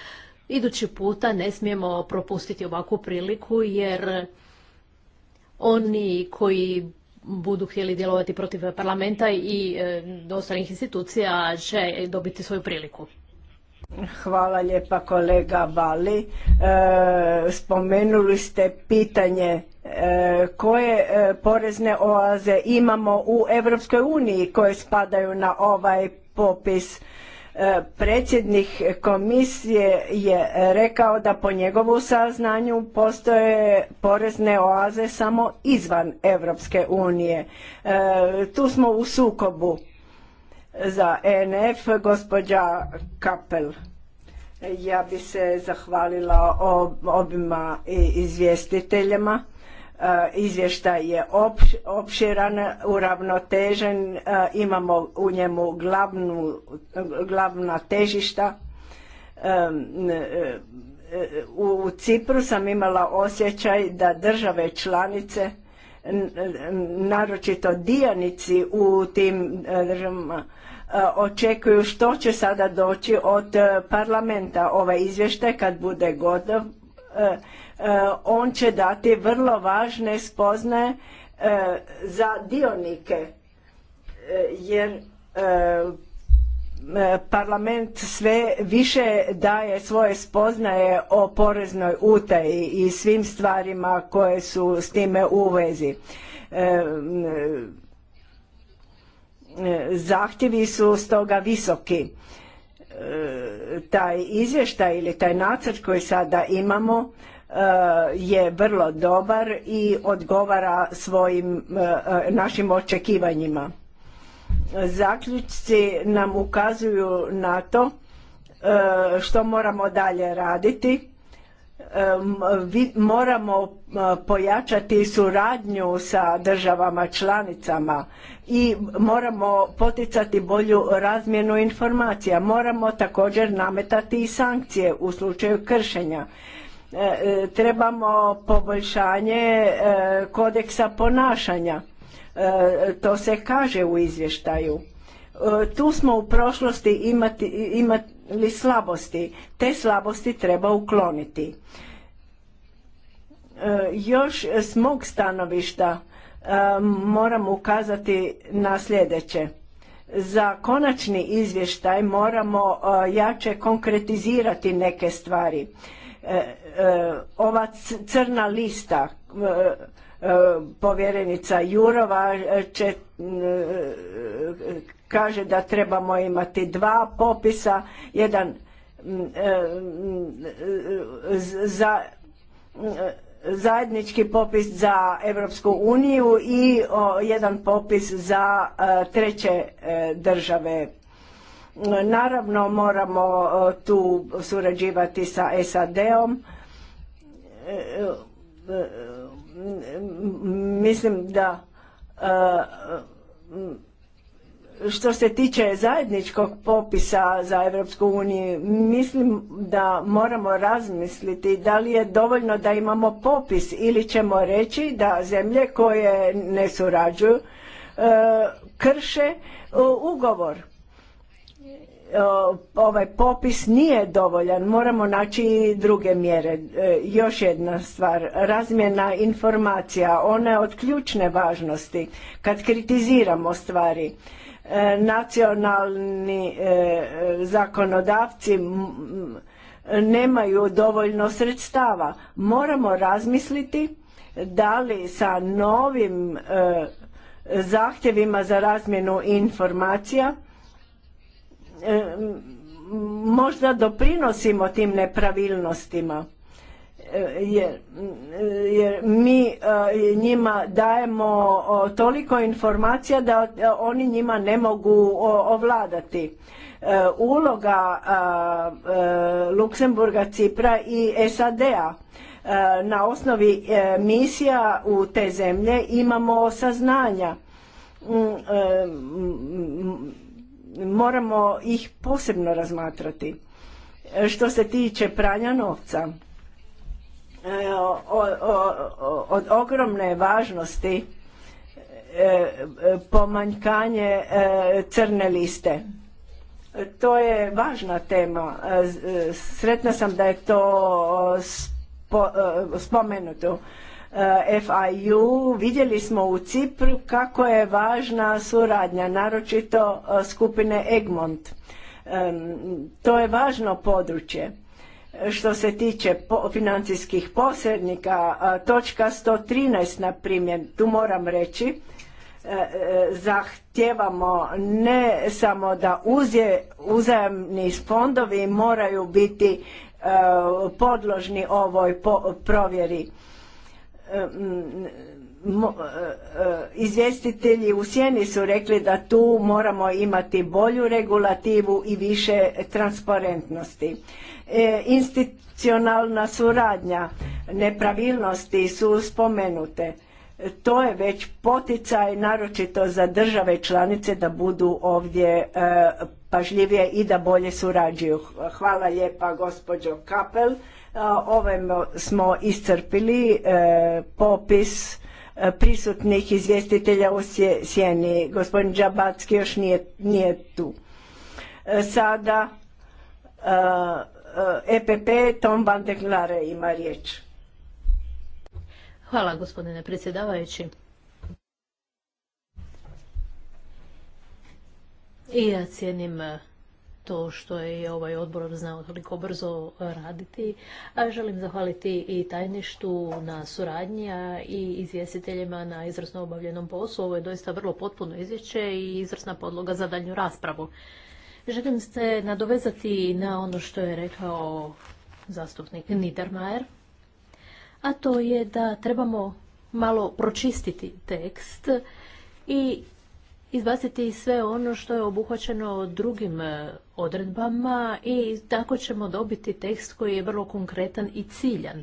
Idući puta ne smijemo propustiti ovakvu priliku jer oni koji budu htjeli djelovati protiv parlamenta i e, ostalih institucija će dobiti svoju priliku. Hvala lijepa kolega Bali. E, spomenuli ste pitanje e, koje porezne oaze imamo u Europskoj uniji koje spadaju na ovaj popis E, predsjednik komisije je rekao da po njegovu saznanju postoje porezne oaze samo izvan Europske unije. E, tu smo u sukobu za ENF, gospođa Kapel. Ja bi se zahvalila obima izvjestiteljima E, izvještaj je opširan, uravnotežen, e, imamo u njemu glavnu, glavna težišta. E, u Cipru sam imala osjećaj da države članice, naročito dijanici u tim državama, očekuju što će sada doći od parlamenta. Ovaj izvještaj kad bude gotov E, on će dati vrlo važne spoznaje e, za dionike e, jer parlament sve više daje svoje spoznaje o poreznoj utaji i svim stvarima koje su s time u vezi. Zahtjevi su stoga visoki. Taj izvještaj ili taj nacrt koji sada imamo Eh, je vrlo dobar i odgovara svojim eh, našim očekivanjima. Zaključci nam ukazuju na to eh, što moramo dalje raditi. Moramo pojačati suradnju sa državama članicama i moramo poticati bolju razmjenu informacija. Moramo također nametati i sankcije u slučaju kršenja E, e, trebamo poboljšanje e, kodeksa ponašanja. To se kaže u izvještaju. Tu smo u prošlosti imali slabosti. Te slabosti treba ukloniti. Još s mog stanovišta moram ukazati na sljedeće. Za konačni izvještaj moramo jače konkretizirati neke stvari E, e, ova crna lista e, povjerenica Jurova kaže da trebamo imati dva popisa, jedan za zajednički popis za Europsku uniju i jedan popis za treće države Naravno moramo e, tu surađivati sa SAD-om. E, e, mislim da što se tiče zajedničkog popisa za Europsku uniju, mislim da moramo razmisliti da li je dovoljno da imamo popis ili ćemo reći da zemlje koje ne surađuju krše ugovor ovaj popis nije dovoljan, moramo naći i druge mjere. E, još jedna stvar, razmjena informacija, ona je od ključne važnosti kad kritiziramo stvari. E, nacionalni e, zakonodavci nemaju dovoljno sredstava. Moramo razmisliti da li sa novim zahtjevima za razmjenu informacija možda doprinosimo tim nepravilnostima e, e, jer, mi e, njima dajemo toliko informacija da oni njima ne mogu ovladati. Uloga Luksemburga, Cipra i SAD-a na osnovi misija u te zemlje imamo saznanja mm, moramo ih posebno razmatrati. E, što se tiče pranja novca, e, od ogromne važnosti e, pomanjkanje crne liste. To je važna tema. Sretna sam da je to spomenuto. E, FIU vidjeli smo u Cipru kako je važna suradnja, naročito e, skupine Egmont. E, to je važno područje. Što se tiče financijskih posrednika, točka 113 na primjer, tu moram reći, zahtjevamo ne samo da uzajemni fondovi moraju biti podložni ovoj provjeri E, e, izvjestitelji u sjeni su rekli da tu moramo imati bolju regulativu i više transparentnosti. E, institucionalna suradnja, nepravilnosti su spomenute. To je već poticaj naročito za države članice da budu ovdje pažljivije i da bolje surađuju. Hvala lijepa gospođo Kapel Ove smo iscrpili e, popis e, prisutnih izvjestitelja u sjeni. Gospodin Džabacki još nije, nije tu. E, sada EPP Tom Van de ima riječ. Hvala gospodine predsjedavajući. I ja cijenim to što je ovaj odbor znao toliko brzo raditi. A želim zahvaliti i tajništu na suradnji i izvjestiteljima na izvrsno obavljenom poslu. Ovo je doista vrlo potpuno izvješće i izvrsna podloga za daljnju raspravu. Želim se nadovezati na ono što je rekao zastupnik Niedermayer, a to je da trebamo malo pročistiti tekst i izbaciti sve ono što je obuhvaćeno drugim e, odredbama i tako ćemo dobiti tekst koji je vrlo konkretan i ciljan.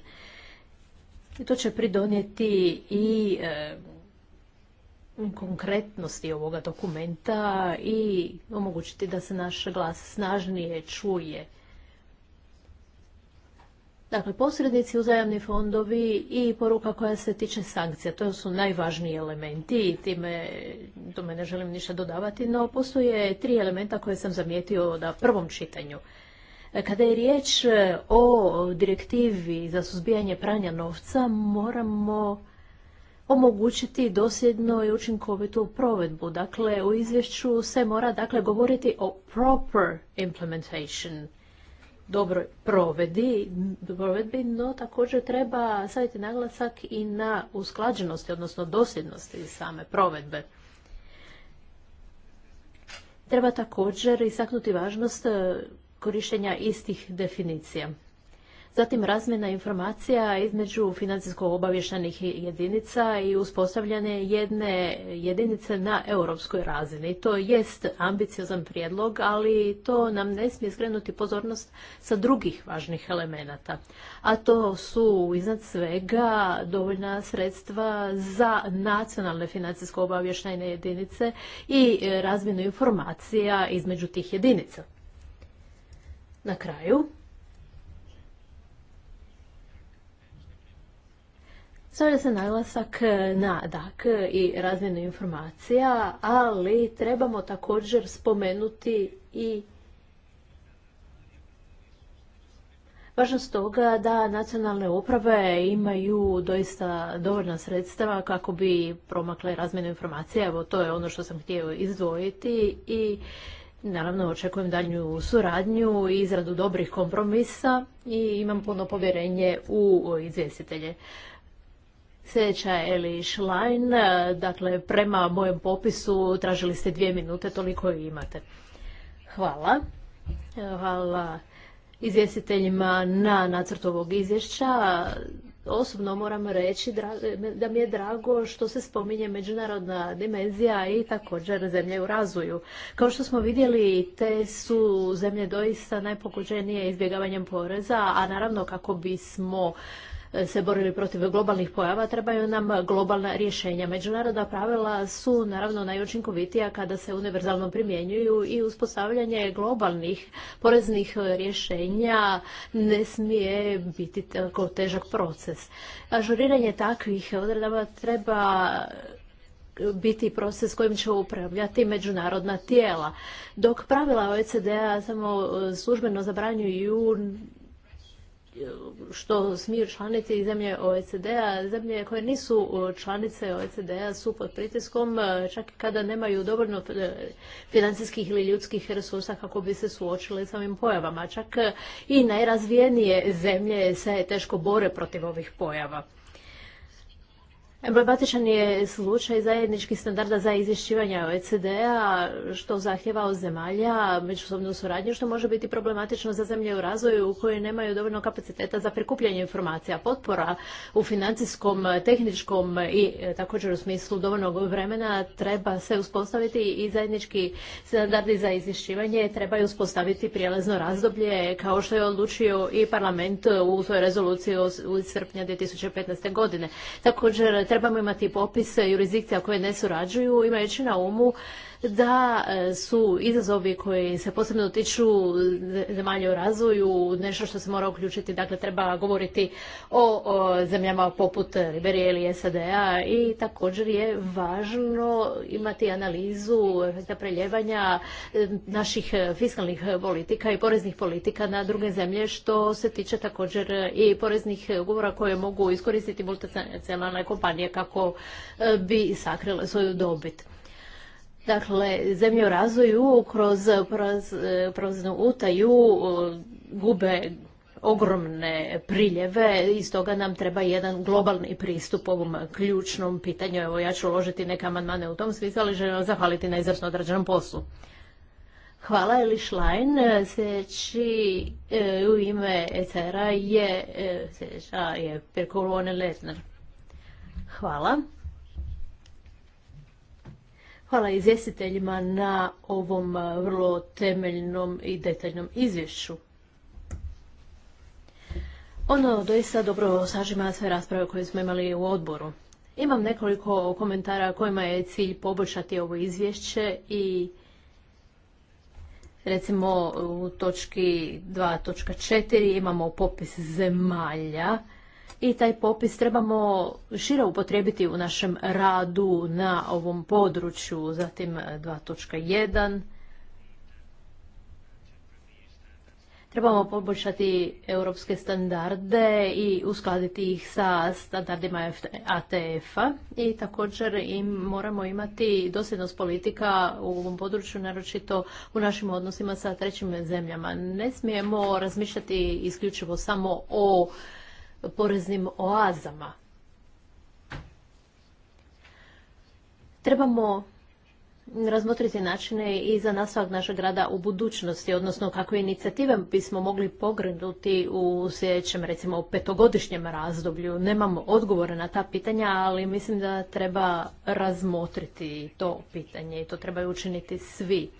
I to će pridonijeti i e, konkretnosti ovoga dokumenta i omogućiti da se naš glas snažnije čuje. Dakle, posrednici, uzajamni fondovi i poruka koja se tiče sankcija. To su najvažniji elementi i time, tome ne želim ništa dodavati, no postoje tri elementa koje sam zamijetio na prvom čitanju. E, kada je riječ e, o direktivi za suzbijanje pranja novca, moramo omogućiti dosljedno i učinkovitu provedbu. Dakle, u izvješću se mora dakle govoriti o proper implementation dobroj provedbi, provedbi, no također treba staviti naglasak i na usklađenosti, odnosno dosljednosti same provedbe. Treba također istaknuti važnost e, korištenja istih definicija. Zatim razmjena informacija između financijsko obavještajnih jedinica i uspostavljanje jedne jedinice na europskoj razini. To jest ambiciozan prijedlog, ali to nam ne smije skrenuti pozornost sa drugih važnih elemenata. A to su iznad svega dovoljna sredstva za nacionalne financijsko obavještajne jedinice i razmjenu informacija između tih jedinica. Na kraju, Stavlja se naglasak e, na DAK i razmjenu informacija, ali trebamo također spomenuti i važnost toga da nacionalne uprave imaju doista dovoljna sredstva kako bi promakle razmjene informacija. Evo, to je ono što sam htio izdvojiti i naravno očekujem daljnju suradnju i izradu dobrih kompromisa i imam puno povjerenje u izvjestitelje. Sljedeća je Eli e, Dakle, prema mojem popisu tražili ste dvije minute, toliko i imate. Hvala. E, hvala izvjestiteljima na nacrtu ovog izvješća. Osobno moram reći da mi je drago što se spominje međunarodna dimenzija i također zemlje u razvoju. Kao što smo vidjeli, te su zemlje doista najpokuđenije izbjegavanjem poreza, a naravno kako bismo se borili protiv globalnih pojava, trebaju nam globalna rješenja. Međunarodna pravila su naravno najučinkovitija kada se univerzalno primjenjuju i uspostavljanje globalnih poreznih rješenja ne smije biti tako težak proces. Ažuriranje takvih odredaba treba biti proces kojim će upravljati međunarodna tijela. Dok pravila OECD-a samo službeno zabranjuju što smiju članice i zemlje OECD-a. Zemlje koje nisu članice OECD-a su pod pritiskom e, čak i kada nemaju dovoljno e, financijskih ili ljudskih resursa kako bi se suočile s ovim pojavama. Čak e, i najrazvijenije zemlje se teško bore protiv ovih pojava. Emblematičan je slučaj zajedničkih standarda za izvješćivanje OECD-a, što zahtjeva od zemalja međusobnu suradnju, što može biti problematično za zemlje u razvoju u koje nemaju dovoljno kapaciteta za prikupljanje informacija. Potpora u financijskom, tehničkom i e, također u smislu dovoljnog vremena treba se uspostaviti i zajednički standardi za izvješćivanje trebaju uspostaviti prijelazno razdoblje, kao što je odlučio i parlament u svojoj rezoluciji u srpnja 2015. godine. Također trebamo imati popis jurisdikcija koje ne surađuju imajući na umu da e, su izazovi koji se posebno tiču zemalje u razvoju nešto što se mora uključiti. Dakle, treba govoriti o, zemljama poput Liberije ili SAD-a i također je važno imati analizu efekta preljevanja e, naših fiskalnih politika i poreznih politika na druge zemlje što se tiče također i poreznih ugovora koje mogu iskoristiti multinacionalne kompanije kako e, bi sakrile svoju dobit. Dakle, zemlje u razvoju kroz proznu utaju gube ogromne priljeve i stoga nam treba jedan globalni pristup ovom ključnom pitanju. Evo ja ću uložiti neke amandmane u tom smislu, ali želim vam zahvaliti na izvrsno odrađenom poslu. Hvala Eli Schlein. Sljedeći e, u ime ECR-a je, e, sljedeća Hvala. Hvala izvjestiteljima na ovom e, vrlo temeljnom i detaljnom izvješću. Ono doista dobro sažima sve rasprave koje smo imali u odboru. Imam nekoliko komentara kojima je cilj poboljšati ovo izvješće i recimo u točki 2.4 imamo popis zemalja i taj popis trebamo šire upotrijebiti u našem radu na ovom području, zatim 2.1. E, trebamo poboljšati europske standarde i uskladiti ih sa standardima ATF-a i također im moramo imati dosljednost politika u ovom području, naročito u našim odnosima sa trećim zemljama. Ne smijemo razmišljati isključivo samo o poreznim oazama. Trebamo razmotriti načine i za nastavak našeg rada u budućnosti, odnosno kakve inicijative bismo mogli pogrenuti u sljedećem, recimo, petogodišnjem razdoblju. Nemamo odgovore na ta pitanja, ali mislim da treba razmotriti to pitanje i to trebaju učiniti svi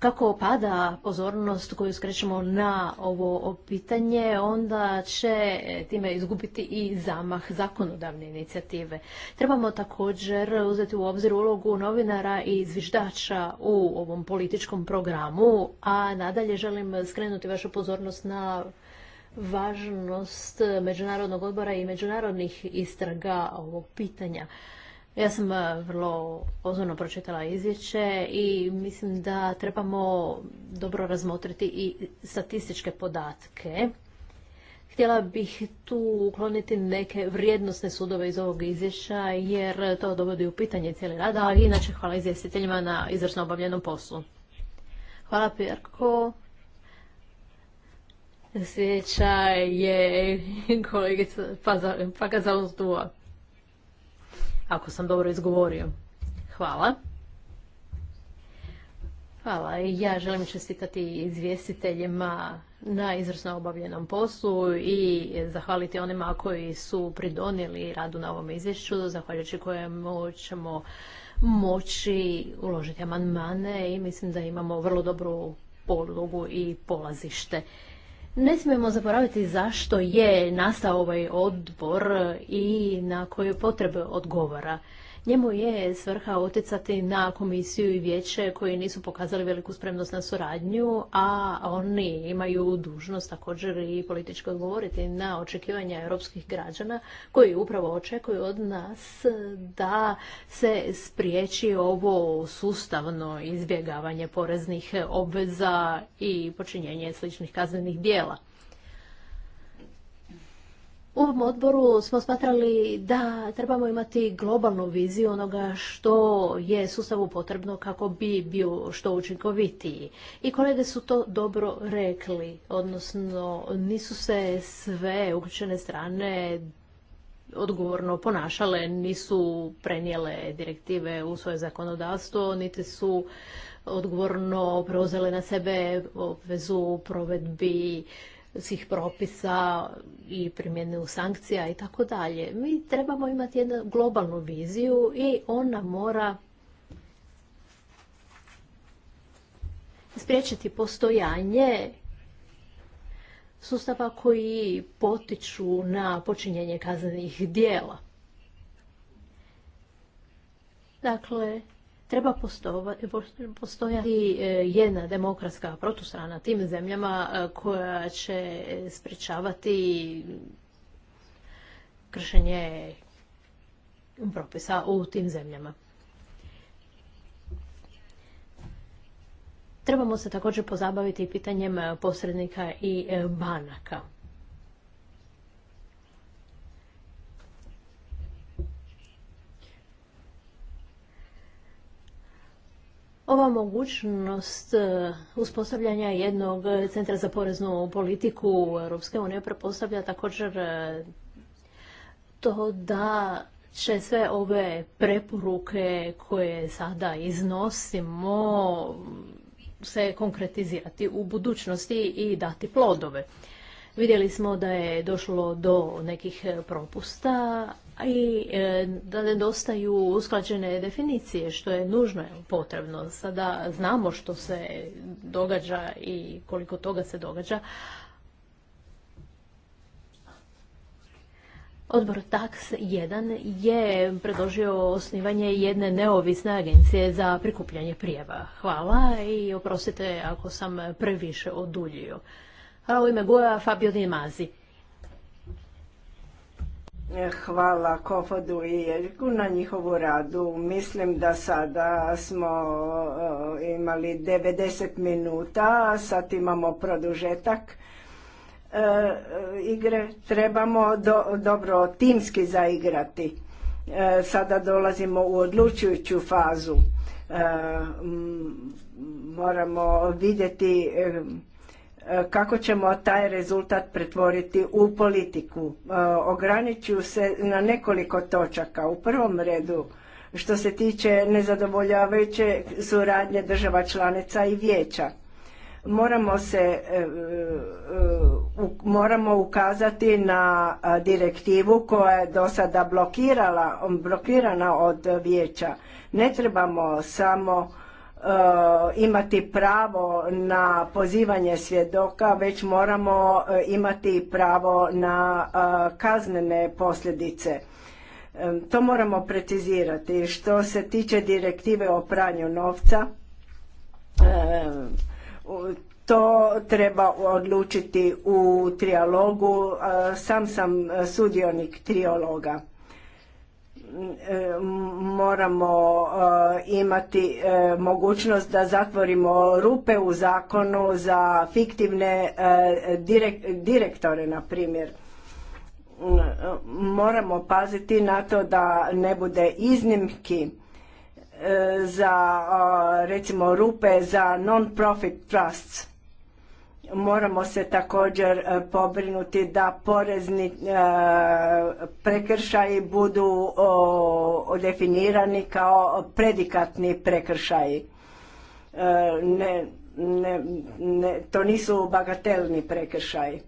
kako pada pozornost koju skrećemo na ovo pitanje, onda će time izgubiti i zamah zakonodavne inicijative. Trebamo također uzeti u obzir ulogu novinara i zviždača u ovom političkom programu, a nadalje želim skrenuti vašu pozornost na važnost Međunarodnog odbora i međunarodnih istraga ovog pitanja. Ja sam e, vrlo pozorno pročitala izvješće i mislim da trebamo dobro razmotriti i statističke podatke. Htjela bih tu ukloniti neke vrijednosne sudove iz ovog izvješća jer to dovodi u pitanje cijeli rad, ali inače hvala izvjestiteljima na izvrsno obavljenom poslu. Hvala Pirko. Sljedeća je kolegica Pagazalus ako sam dobro izgovorio. Hvala. Hvala. Ja želim čestitati izvjestiteljima na izvrsno obavljenom poslu i zahvaliti onima koji su pridonijeli radu na ovom izvješću, zahvaljujući kojemu ćemo moći uložiti amandmane i mislim da imamo vrlo dobru podlogu i polazište. Ne smijemo zaboraviti zašto je nastao ovaj odbor i na koje potrebe odgovara. Njemu je svrha oticati na komisiju i vijeće koji nisu pokazali veliku spremnost na suradnju, a oni imaju dužnost također i politički odgovoriti na očekivanja europskih građana koji upravo očekuju od nas da se spriječi ovo sustavno izbjegavanje poreznih obveza i počinjenje sličnih kaznenih dijela. U ovom odboru smo smatrali da trebamo imati globalnu viziju onoga što je sustavu potrebno kako bi bio što učinkovitiji. I kolege su to dobro rekli, odnosno nisu se sve uključene strane odgovorno ponašale, nisu prenijele direktive u svoje zakonodavstvo, niti su odgovorno preuzele na sebe obvezu provedbi svih propisa i primjenu sankcija i tako dalje. Mi trebamo imati jednu globalnu viziju i ona mora spriječiti postojanje sustava koji potiču na počinjenje kaznenih dijela. Dakle, treba postojati e, jedna demokratska protustrana tim zemljama e, koja će sprječavati kršenje propisa u tim zemljama. Trebamo se također pozabaviti pitanjem posrednika i e, banaka. Ova mogućnost e, uspostavljanja jednog centra za poreznu politiku Europske unije prepostavlja također e, to da će sve ove preporuke koje sada iznosimo se konkretizirati u budućnosti i dati plodove. Vidjeli smo da je došlo do nekih propusta, i e, da nedostaju usklađene definicije, što je nužno potrebno. Sada znamo što se događa i koliko toga se događa. Odbor TAX 1 je predložio osnivanje jedne neovisne agencije za prikupljanje prijeva. Hvala i oprostite ako sam previše oduljio. Hvala u ime Goja Fabio Dimazi. E, hvala Kofodu i Jeljku na njihovu radu. Mislim da sada smo e, imali 90 minuta, sad imamo produžetak e, igre. Trebamo dobro timski zaigrati. sada dolazimo u odlučujuću fazu. moramo vidjeti kako ćemo taj rezultat pretvoriti u politiku. E, ograničuju se na nekoliko točaka. U prvom redu što se tiče nezadovoljavajuće suradnje država članica i vijeća. Moramo se e, e, moramo ukazati na direktivu koja je do sada blokirala, blokirana od vijeća. Ne trebamo samo Eh, imati pravo na pozivanje svjedoka, već moramo eh, imati pravo na eh, kaznene posljedice. To moramo precizirati. Što se tiče direktive o pranju novca, to treba odlučiti u trialogu. Sam sam sudionik trialoga. E, moramo e, imati e, mogućnost da zatvorimo rupe u zakonu za fiktivne direktore, na primjer. Moramo paziti na to da ne bude iznimki za recimo rupe za non-profit trusts Moramo se također e, pobrinuti da porezni e, prekršaji budu definirani kao predikatni prekršaji. E, ne, ne, to nisu bagatelni prekršaji.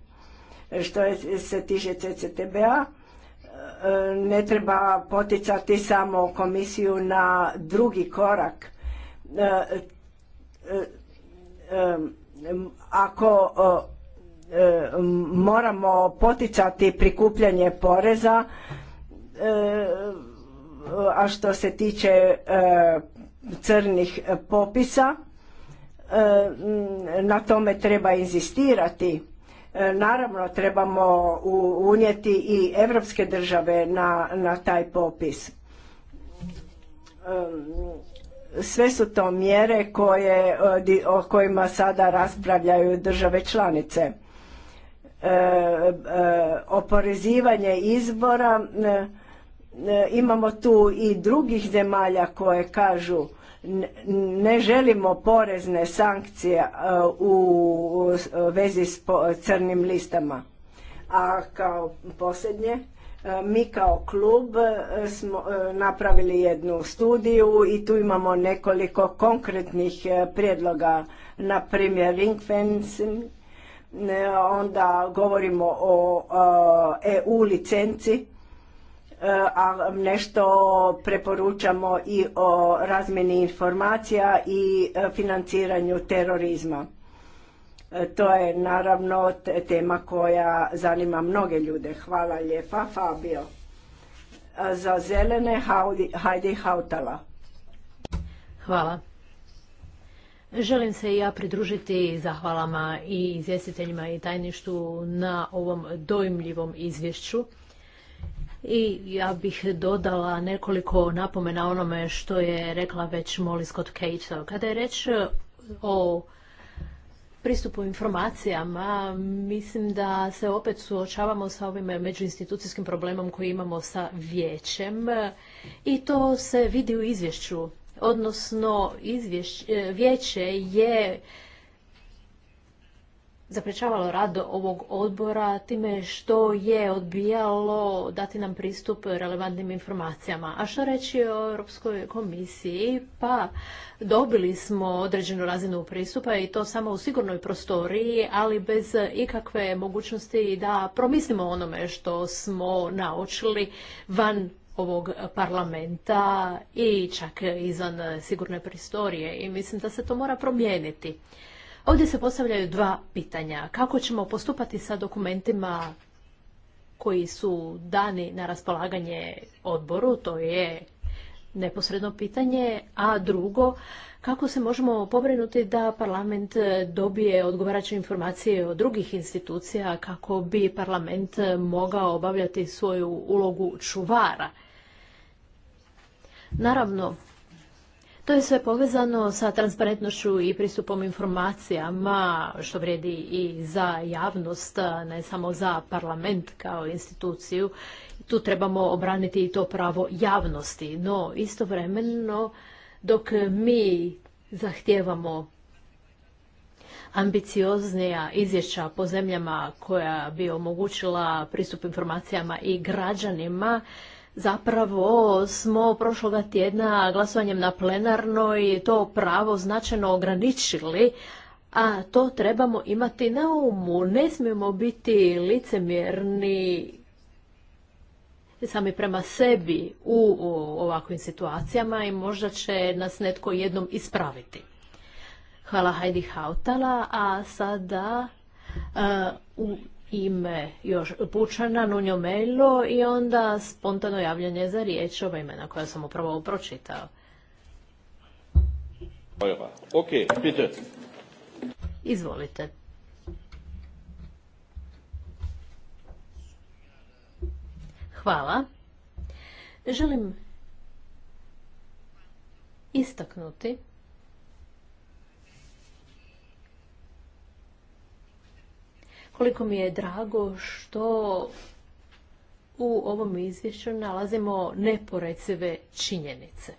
Što je, se tiže CCTBA, ne treba poticati samo komisiju na drugi korak ako moramo poticati prikupljanje poreza, e, a što se tiče e, crnih popisa, e, na tome treba inzistirati. Naravno, trebamo unijeti i evropske države na, na taj popis sve su to mjere koje, e, o kojima sada raspravljaju države članice. E, e oporezivanje izbora e, imamo tu i drugih zemalja koje kažu ne, želimo porezne sankcije u, vezi s crnim listama. A kao posljednje E, mi kao klub e, smo e, napravili jednu studiju i tu imamo nekoliko konkretnih prijedloga, na primjer ring fencing, onda govorimo o EU licenci, a nešto preporučamo i o razmjeni informacija i financiranju terorizma. E, to je naravno tema koja zanima mnoge ljude. Hvala lijepa Fabio. E, za zelene Heidi Hautala. Hvala. Želim se i ja pridružiti zahvalama i izvjestiteljima i tajništu na ovom dojmljivom izvješću. I ja bih dodala nekoliko napomena onome što je rekla već Molly Scott Cato. Kada je reč o pristupu informacijama, mislim da se opet suočavamo sa ovim međuinstitucijskim problemom koji imamo sa vijećem i to se vidi u izvješću. Odnosno, vijeće je zapričavalo rad ovog odbora time što je odbijalo dati nam pristup relevantnim informacijama. A što reći o Europskoj komisiji? Pa dobili smo određenu razinu pristupa i to samo u sigurnoj prostoriji, ali bez ikakve mogućnosti da promislimo onome što smo naučili van ovog parlamenta i čak izvan sigurne prostorije i mislim da se to mora promijeniti. Ovdje se postavljaju dva pitanja. Kako ćemo postupati sa dokumentima koji su dani na raspolaganje odboru, to je neposredno pitanje, a drugo, kako se možemo pobrinuti da parlament dobije odgovarajuće informacije od drugih institucija kako bi parlament mogao obavljati svoju ulogu čuvara. Naravno, to je sve povezano sa transparentnošću i pristupom informacijama, što vrijedi i za javnost, ne samo za parlament kao instituciju. Tu trebamo obraniti i to pravo javnosti, no istovremeno dok mi zahtijevamo ambicioznija izvješća po zemljama koja bi omogućila pristup informacijama i građanima, Zapravo smo prošloga tjedna glasovanjem na plenarnoj to pravo značajno ograničili, a to trebamo imati na umu. Ne smijemo biti licemjerni sami prema sebi u ovakvim situacijama i možda će nas netko jednom ispraviti. Hvala Heidi Hautala, a sada e, u ime još Pučana, Nunjo Melo i onda spontano javljanje za riječ ova imena koja sam upravo pročitao. Ok, Izvolite. Hvala. Želim istaknuti koliko mi je drago što u ovom izvješću nalazimo neporecive činjenice.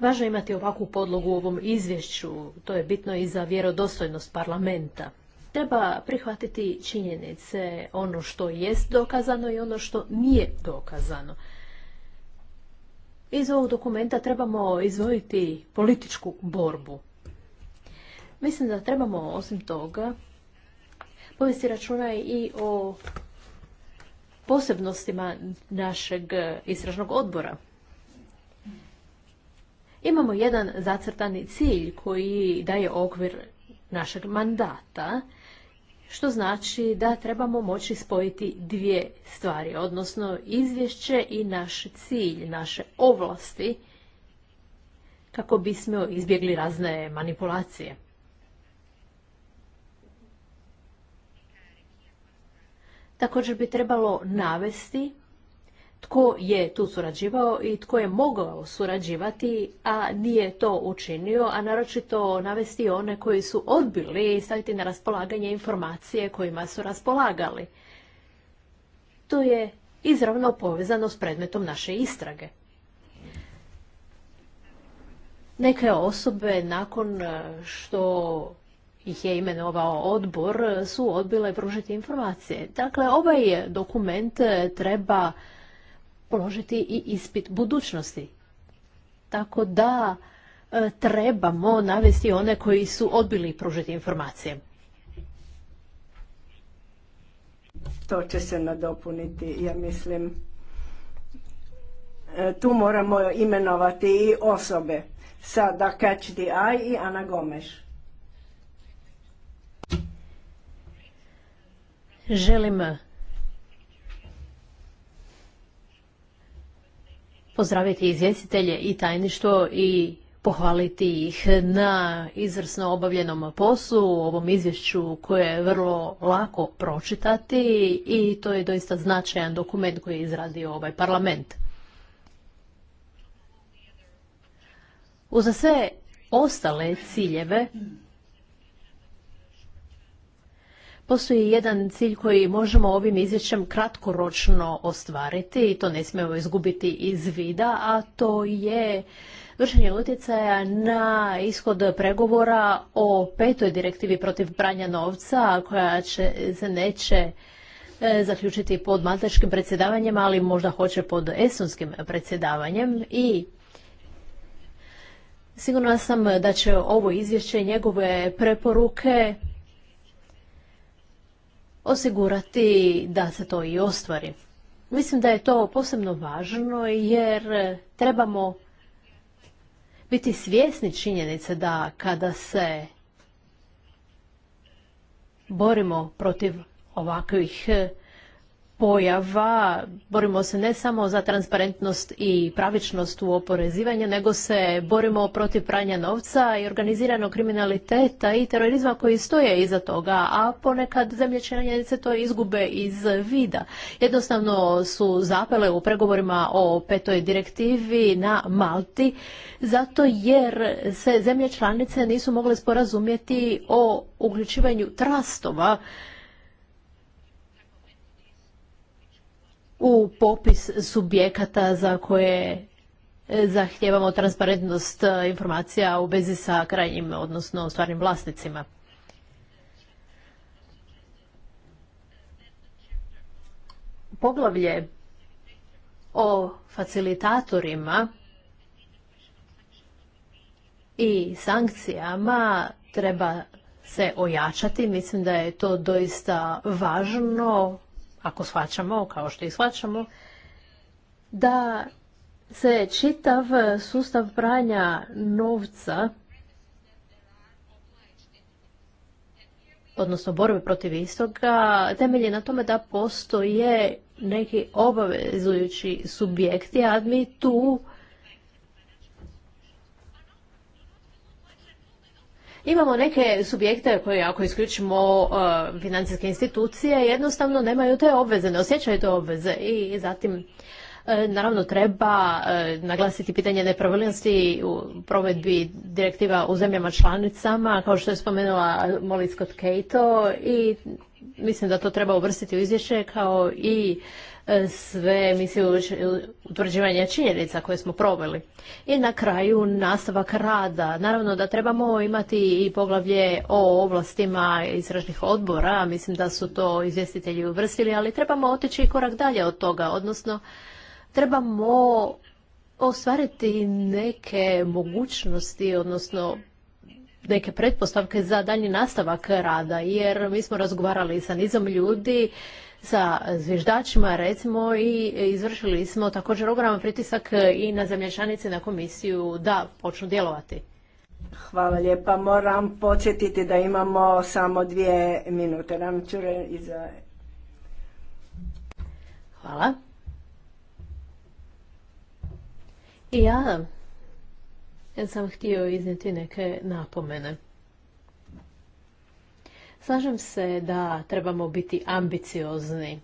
Važno je imati ovakvu podlogu u ovom izvješću, to je bitno i za vjerodostojnost parlamenta. Treba prihvatiti činjenice, ono što jest dokazano i ono što nije dokazano iz ovog dokumenta trebamo izvojiti političku borbu. Mislim da trebamo osim toga povesti računa i o posebnostima našeg istražnog odbora. Imamo jedan zacrtani cilj koji daje okvir našeg mandata što znači da trebamo moći spojiti dvije stvari, odnosno izvješće i naš cilj, naše ovlasti, kako bismo izbjegli razne manipulacije. Također bi trebalo navesti tko je tu surađivao i tko je mogao surađivati, a nije to učinio, a naročito navesti one koji su odbili staviti na raspolaganje informacije kojima su raspolagali. To je izravno povezano s predmetom naše istrage. Neke osobe nakon e, što ih je imenovao odbor su odbile pružiti informacije. Dakle, ovaj dokument treba položiti i ispit budućnosti. Tako da e, trebamo navesti one koji su odbili pružiti informacije. To će se nadopuniti, ja mislim. E, tu moramo imenovati i osobe. Sada Catch the i Ana Gomeš. Želim pozdraviti izvjestitelje i tajništvo i pohvaliti ih na izvrsno obavljenom poslu, ovom izvješću koje je vrlo lako pročitati i to je doista značajan dokument koji je izradio ovaj parlament. Uza sve ostale ciljeve Postoji jedan cilj koji možemo ovim izvješćem kratkoročno ostvariti i to ne smijemo izgubiti iz vida, a to je vršenje utjecaja na ishod pregovora o petoj direktivi protiv pranja novca koja će, se neće e, zaključiti pod maltačkim predsjedavanjem, ali možda hoće pod Esonskim predsjedavanjem i sigurna sam da će ovo izvješće i njegove preporuke osigurati da se to i ostvari. Mislim da je to posebno važno jer trebamo biti svjesni činjenice da kada se borimo protiv ovakvih pojava, borimo se ne samo za transparentnost i pravičnost u oporezivanju, nego se borimo protiv pranja novca i organiziranog kriminaliteta i terorizma koji stoje iza toga, a ponekad zemlje članice to izgube iz vida. Jednostavno su zapele u pregovorima o petoj direktivi na Malti, zato jer se zemlje članice nisu mogle sporazumjeti o uključivanju trastova u popis subjekata za koje e, zahtijevamo transparentnost e, informacija u vezi sa krajnjim, odnosno stvarnim vlasnicima. Poglavlje o facilitatorima i sankcijama treba se ojačati. Mislim da je to doista važno ako shvaćamo, kao što i shvaćamo, da se čitav sustav pranja novca, odnosno borbe protiv istoga, temelji na tome da postoje neki obavezujući subjekti, a mi tu Imamo neke subjekte koje, ako isključimo e, financijske institucije, jednostavno nemaju te obveze, ne osjećaju te obveze i zatim e, Naravno treba e, naglasiti pitanje nepravilnosti u provedbi direktiva u zemljama članicama, kao što je spomenula Molly Scott Cato i mislim da to treba uvrstiti u izvješće kao i sve mislim utvrđivanja činjenica koje smo proveli. I na kraju nastavak rada. Naravno da trebamo imati i poglavlje o ovlastima istražnih odbora, mislim da su to izvjestitelji uvrstili, ali trebamo otići i korak dalje od toga, odnosno trebamo ostvariti neke mogućnosti, odnosno neke pretpostavke za daljnji nastavak rada, jer mi smo razgovarali sa nizom ljudi, sa zviždačima recimo i izvršili smo također ogroman pritisak i na zemlječanice na komisiju da počnu djelovati. Hvala lijepa. Moram podsjetiti da imamo samo dvije minute. rančure iza... Hvala. I ja ja sam htio iznijeti neke napomene. Slažem se da trebamo biti ambiciozni.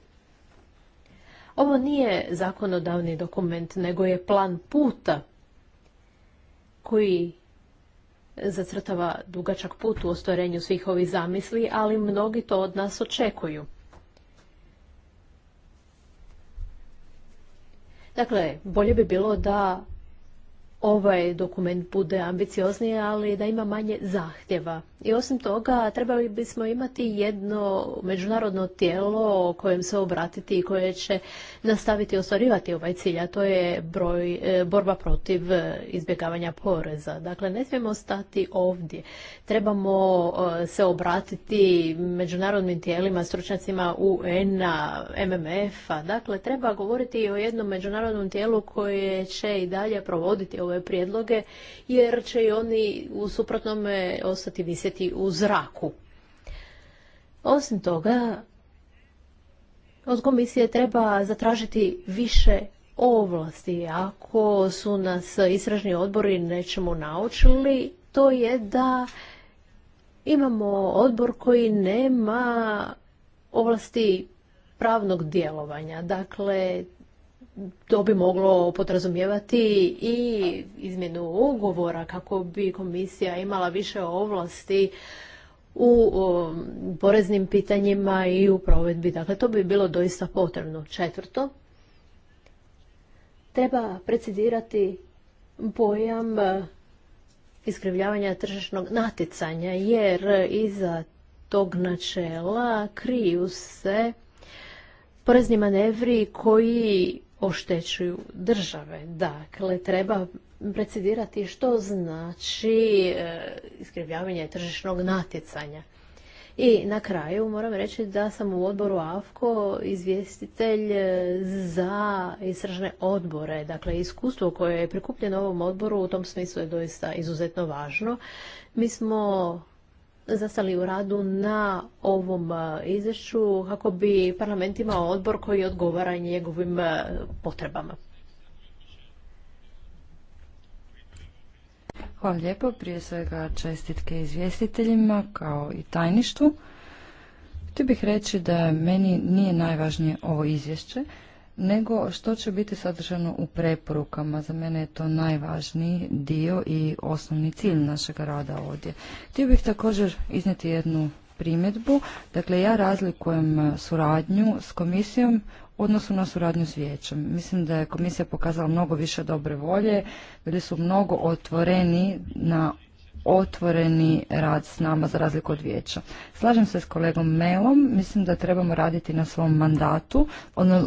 Ovo nije zakonodavni dokument, nego je plan puta koji zacrtava dugačak put u ostvarenju svih ovih zamisli, ali mnogi to od nas očekuju. Dakle, bolje bi bilo da ovaj dokument bude ambiciozniji, ali da ima manje zahtjeva. I osim toga, trebali bismo imati jedno međunarodno tijelo kojem se obratiti i koje će nastaviti ostvarivati ovaj cilj, a to je broj, e, borba protiv e, izbjegavanja poreza. Dakle, ne smijemo stati ovdje. Trebamo e, se obratiti međunarodnim tijelima, stručnjacima UN-a, MMF-a. Dakle, treba govoriti o jednom međunarodnom tijelu koje će i dalje provoditi ovaj ove prijedloge jer će i oni u suprotnome ostati visjeti u zraku. Osim toga, od komisije treba zatražiti više ovlasti. Ako su nas istražni odbori nečemu naučili, to je da imamo odbor koji nema ovlasti pravnog djelovanja. Dakle, to bi moglo podrazumijevati i izmjenu ugovora kako bi komisija imala više ovlasti u poreznim pitanjima i u provedbi. Dakle, to bi bilo doista potrebno. Četvrto, treba precizirati pojam iskrivljavanja tržišnog natjecanja, jer iza tog načela kriju se porezni manevri koji oštećuju države. Dakle, treba precidirati što znači e, iskrivljavanje tržišnog natjecanja. I na kraju moram reći da sam u odboru AFKO izvjestitelj e, za istražne odbore. Dakle, iskustvo koje je prikupljeno ovom odboru u tom smislu je doista izuzetno važno. Mi smo zastali u radu na ovom e, izvješću kako bi parlament imao odbor koji odgovara njegovim e, potrebama. Hvala lijepo. Prije svega čestitke izvjestiteljima kao i tajništvu. Htio bih reći da meni nije najvažnije ovo izvješće, nego što će biti sadržano u preporukama. Za mene je to najvažniji dio i osnovni cilj našeg rada ovdje. Htio bih također iznijeti jednu primjedbu. Dakle, ja razlikujem suradnju s komisijom u odnosu na suradnju s vijećem. Mislim da je komisija pokazala mnogo više dobre volje, bili su mnogo otvoreni na otvoreni rad s nama za razliku od vijeća. Slažem se s kolegom Melom, mislim da trebamo raditi na svom mandatu,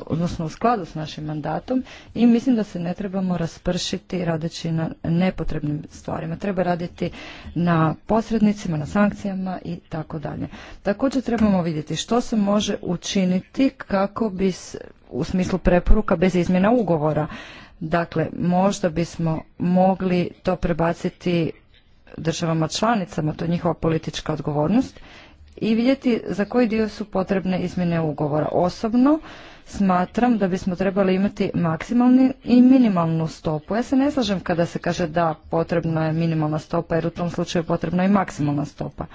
odnosno u skladu s našim mandatom i mislim da se ne trebamo raspršiti radeći na nepotrebnim stvarima. Treba raditi na posrednicima, na sankcijama i tako dalje. Također trebamo vidjeti što se može učiniti kako bi u smislu preporuka bez izmjena ugovora Dakle, možda bismo mogli to prebaciti državama članicama, to je njihova politička odgovornost, i vidjeti za koji dio su potrebne izmjene ugovora. Osobno smatram da bismo trebali imati maksimalnu i minimalnu stopu. Ja se ne slažem kada se kaže da potrebna je minimalna stopa jer u tom slučaju je potrebna i maksimalna stopa.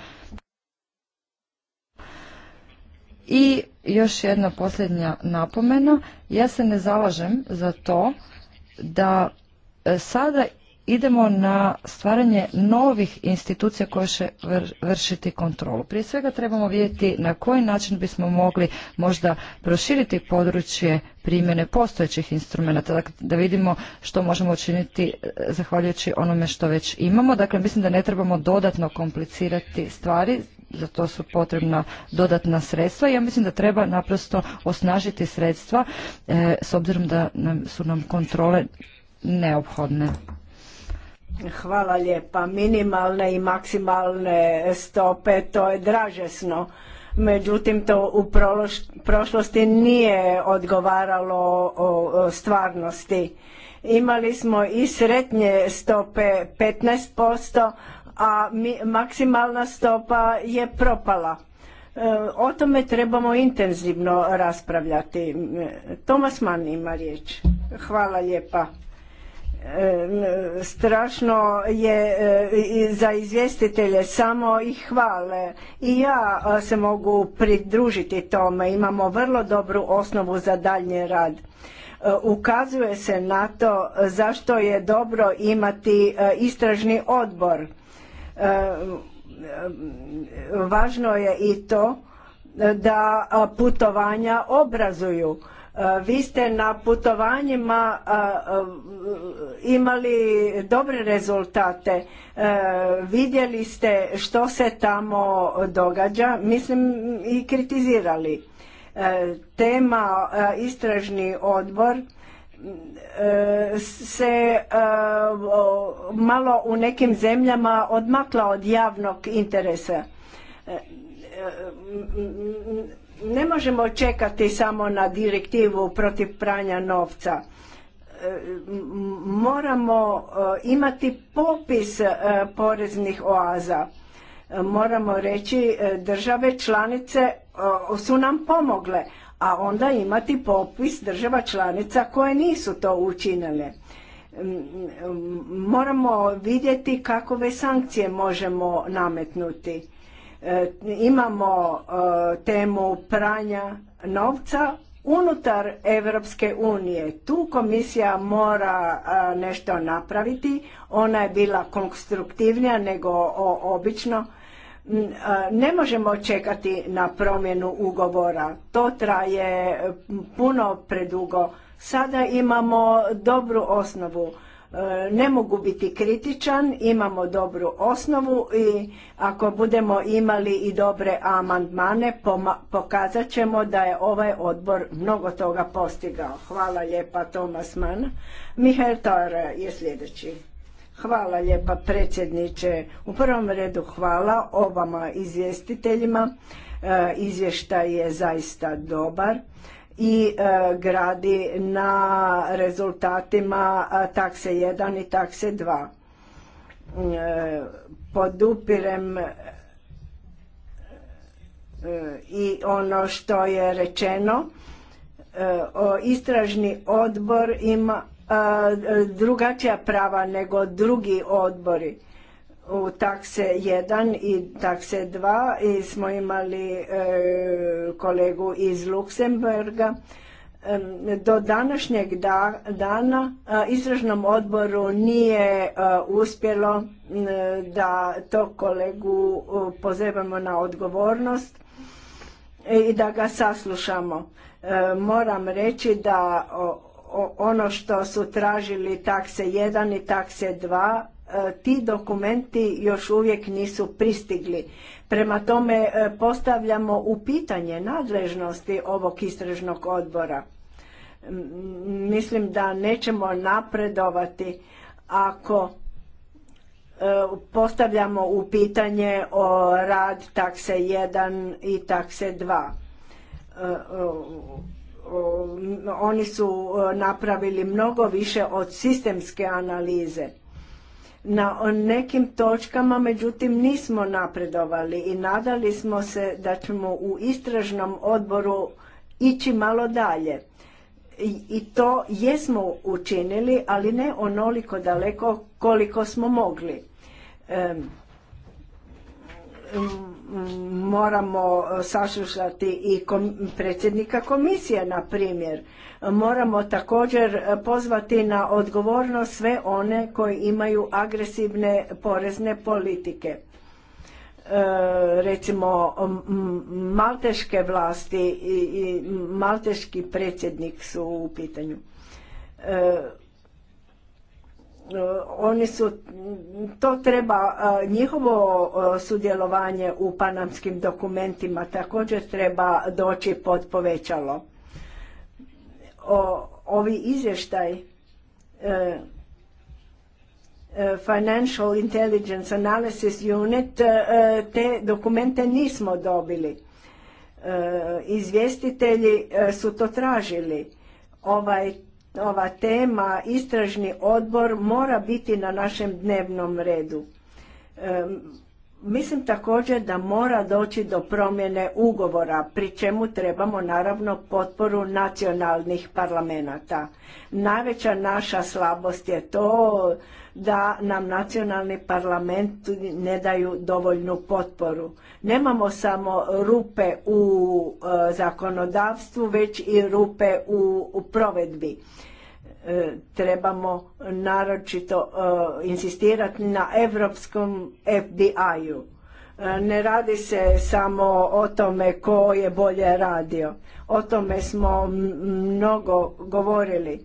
I još jedna posljednja napomena. Ja se ne zalažem za to da e, sada idemo na stvaranje novih institucija koje će vršiti kontrolu. Prije svega trebamo vidjeti na koji način bismo mogli možda proširiti područje primjene postojećih instrumenta, dakle, da vidimo što možemo učiniti e, zahvaljujući onome što već imamo. Dakle, mislim da ne trebamo dodatno komplicirati stvari, za to su potrebna dodatna sredstva i ja mislim da treba naprosto osnažiti sredstva e, s obzirom da su nam kontrole neophodne. Hvala lijepa. Minimalne i maksimalne stope, to je dražesno. Međutim, to u prošlosti nije odgovaralo o stvarnosti. Imali smo i sretnje stope 15%, a maksimalna stopa je propala. E, o tome trebamo intenzivno raspravljati. E, Tomas Mann ima riječ. Hvala lijepa. E, strašno je e, za izvjestitelje samo ih hvale i ja e, se mogu pridružiti tome imamo vrlo dobru osnovu za daljnji rad ukazuje se na to zašto je dobro imati istražni odbor važno je i to da putovanja obrazuju E, vi ste na putovanjima e, e, imali dobre rezultate, vidjeli ste što se tamo događa, mislim i kritizirali. Tema istražni odbor se malo u nekim zemljama odmakla od javnog interesa ne možemo čekati samo na direktivu protiv pranja novca. E, moramo e, imati popis e, poreznih oaza. Moramo reći države članice su nam pomogle, a onda imati popis država članica koje nisu to učinile moramo vidjeti kakove sankcije možemo nametnuti E, imamo e, temu pranja novca unutar Europske unije. Tu komisija mora e, nešto napraviti. Ona je bila konstruktivnija nego obično. Mm, ne možemo čekati na promjenu ugovora. To traje puno predugo. Sada imamo dobru osnovu E, ne mogu biti kritičan, imamo dobru osnovu i ako budemo imali i dobre amandmane pokazat ćemo da je ovaj odbor mnogo toga postigao. Hvala lijepa Tomas Mann. Mihael Tora je sljedeći. Hvala lijepa predsjedniče. U prvom redu hvala obama izvjestiteljima. E, izvještaj je zaista dobar i e, gradi na rezultatima takse 1 i takse 2. E, podupirem e, i ono što je rečeno, istražni odbor ima drugačija prava nego drugi odbori u takse 1 i takse 2 i smo imali e, kolegu iz Luksemburga. do današnjeg dana e, izražnom odboru nije e, uspjelo da to kolegu pozivamo na odgovornost i da ga saslušamo. moram reći da ono što su tražili takse 1 i takse dva E, ti dokumenti još uvijek nisu pristigli. Prema tome e, postavljamo u pitanje nadležnosti ovog istražnog odbora. Mislim da nećemo napredovati ako e, postavljamo u pitanje o rad takse 1 i takse 2 oni su napravili mnogo više od sistemske analize na nekim točkama međutim nismo napredovali i nadali smo se da ćemo u istražnom odboru ići malo dalje. I to jesmo učinili, ali ne onoliko daleko koliko smo mogli moramo e, saslušati i predsjednika komisije, na primjer. Moramo također e, pozvati na odgovornost sve one koji imaju agresivne porezne politike. E, recimo malteške vlasti i, malteški predsjednik su u pitanju. Eh, oni su, to treba, eh, njihovo eh, sudjelovanje u panamskim dokumentima također treba doći pod povećalo. O, ovi izvještaj Financial Intelligence Analysis Unit, te dokumente nismo dobili. Izvjestitelji su to tražili. Ovaj ova tema istražni odbor mora biti na našem dnevnom redu. mislim također da mora doći do promjene ugovora, pri čemu trebamo naravno potporu nacionalnih parlamenta. Najveća naša slabost je to da nam nacionalni parlament ne daju dovoljnu potporu. Nemamo samo rupe u e, zakonodavstvu, već i rupe u, provedbi. E, trebamo naročito e, insistirati na europskom FBI-u. ne radi se samo o tome ko je bolje radio. O tome smo mnogo govorili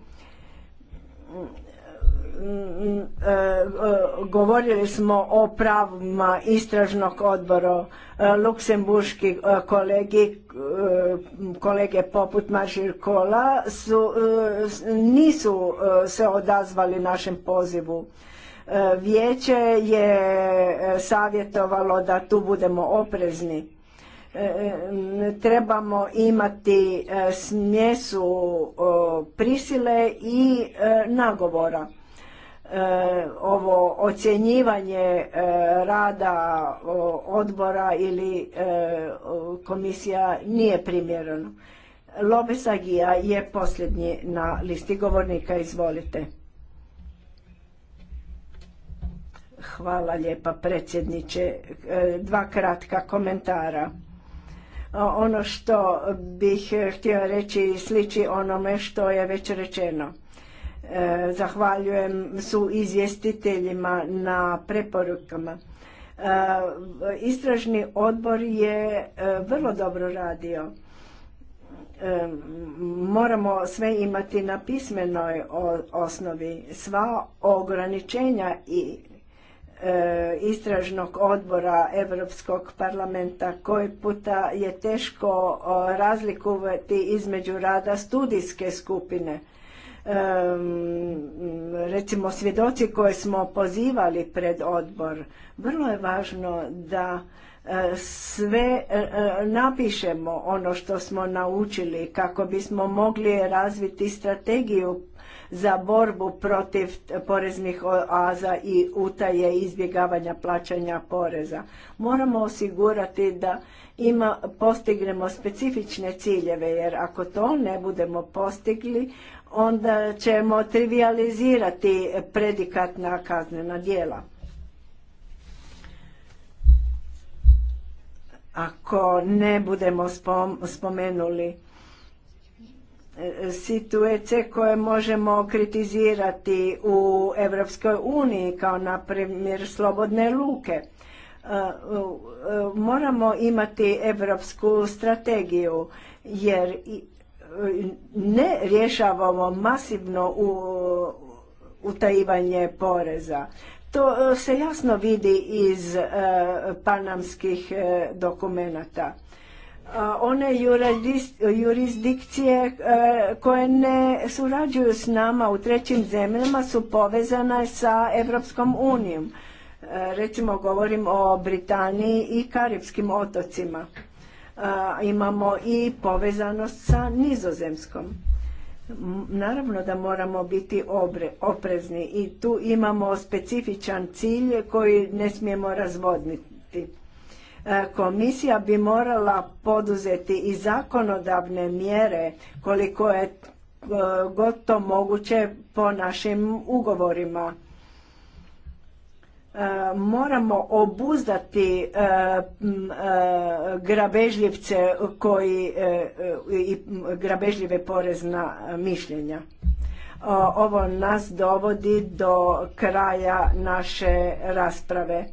Mm, mm, e, e, govorili smo o pravima istražnog odbora e, luksemburški kolegi kolege poput Mašir Kola su, nisu se odazvali našem pozivu vijeće je savjetovalo da tu budemo oprezni trebamo imati smjesu prisile i nagovora E, ovo ocjenjivanje e, rada odbora ili e, komisija nije primjereno. lobisagija Agija je posljednji na listi govornika, izvolite. Hvala lijepa predsjedniče. Dva kratka komentara. Ono što bih htio reći sliči onome što je već rečeno E, zahvaljujem su izvjestiteljima na preporukama. E, istražni odbor je e, vrlo dobro radio. Moramo sve imati na pismenoj osnovi. Sva ograničenja i istražnog odbora Europskog parlamenta koji puta je teško razlikovati između rada studijske skupine recimo svjedoci koje smo pozivali pred odbor, vrlo je važno da e, sve e, e, napišemo ono što smo naučili kako bismo mogli razviti strategiju za borbu protiv poreznih oaza i utaje izbjegavanja plaćanja poreza. Moramo osigurati da ima, postignemo specifične ciljeve jer ako to ne budemo postigli onda ćemo trivializirati predikatna kaznena djela. Ako ne budemo spomenuli e, situacije koje možemo kritizirati u Europskoj uniji kao na primjer slobodne luke. E, e, moramo imati europsku strategiju jer ne rješavamo masivno u utajivanje poreza. To e, se jasno vidi iz e, panamskih e, dokumenata. One jurisdikcije koje ne surađuju s nama u trećim zemljama su povezane sa Europskom unijom. Recimo govorim o Britaniji i Karibskim otocima imamo i povezanost sa nizozemskom. Naravno da moramo biti obre, oprezni i tu imamo specifičan cilj koji ne smijemo razvodniti. E, komisija bi morala poduzeti i zakonodavne mjere koliko je e, gotovo moguće po našim ugovorima moramo obuzdati e, e, grabežljivce koji e, i grabežljive porezna mišljenja. Ovo nas dovodi do kraja naše rasprave.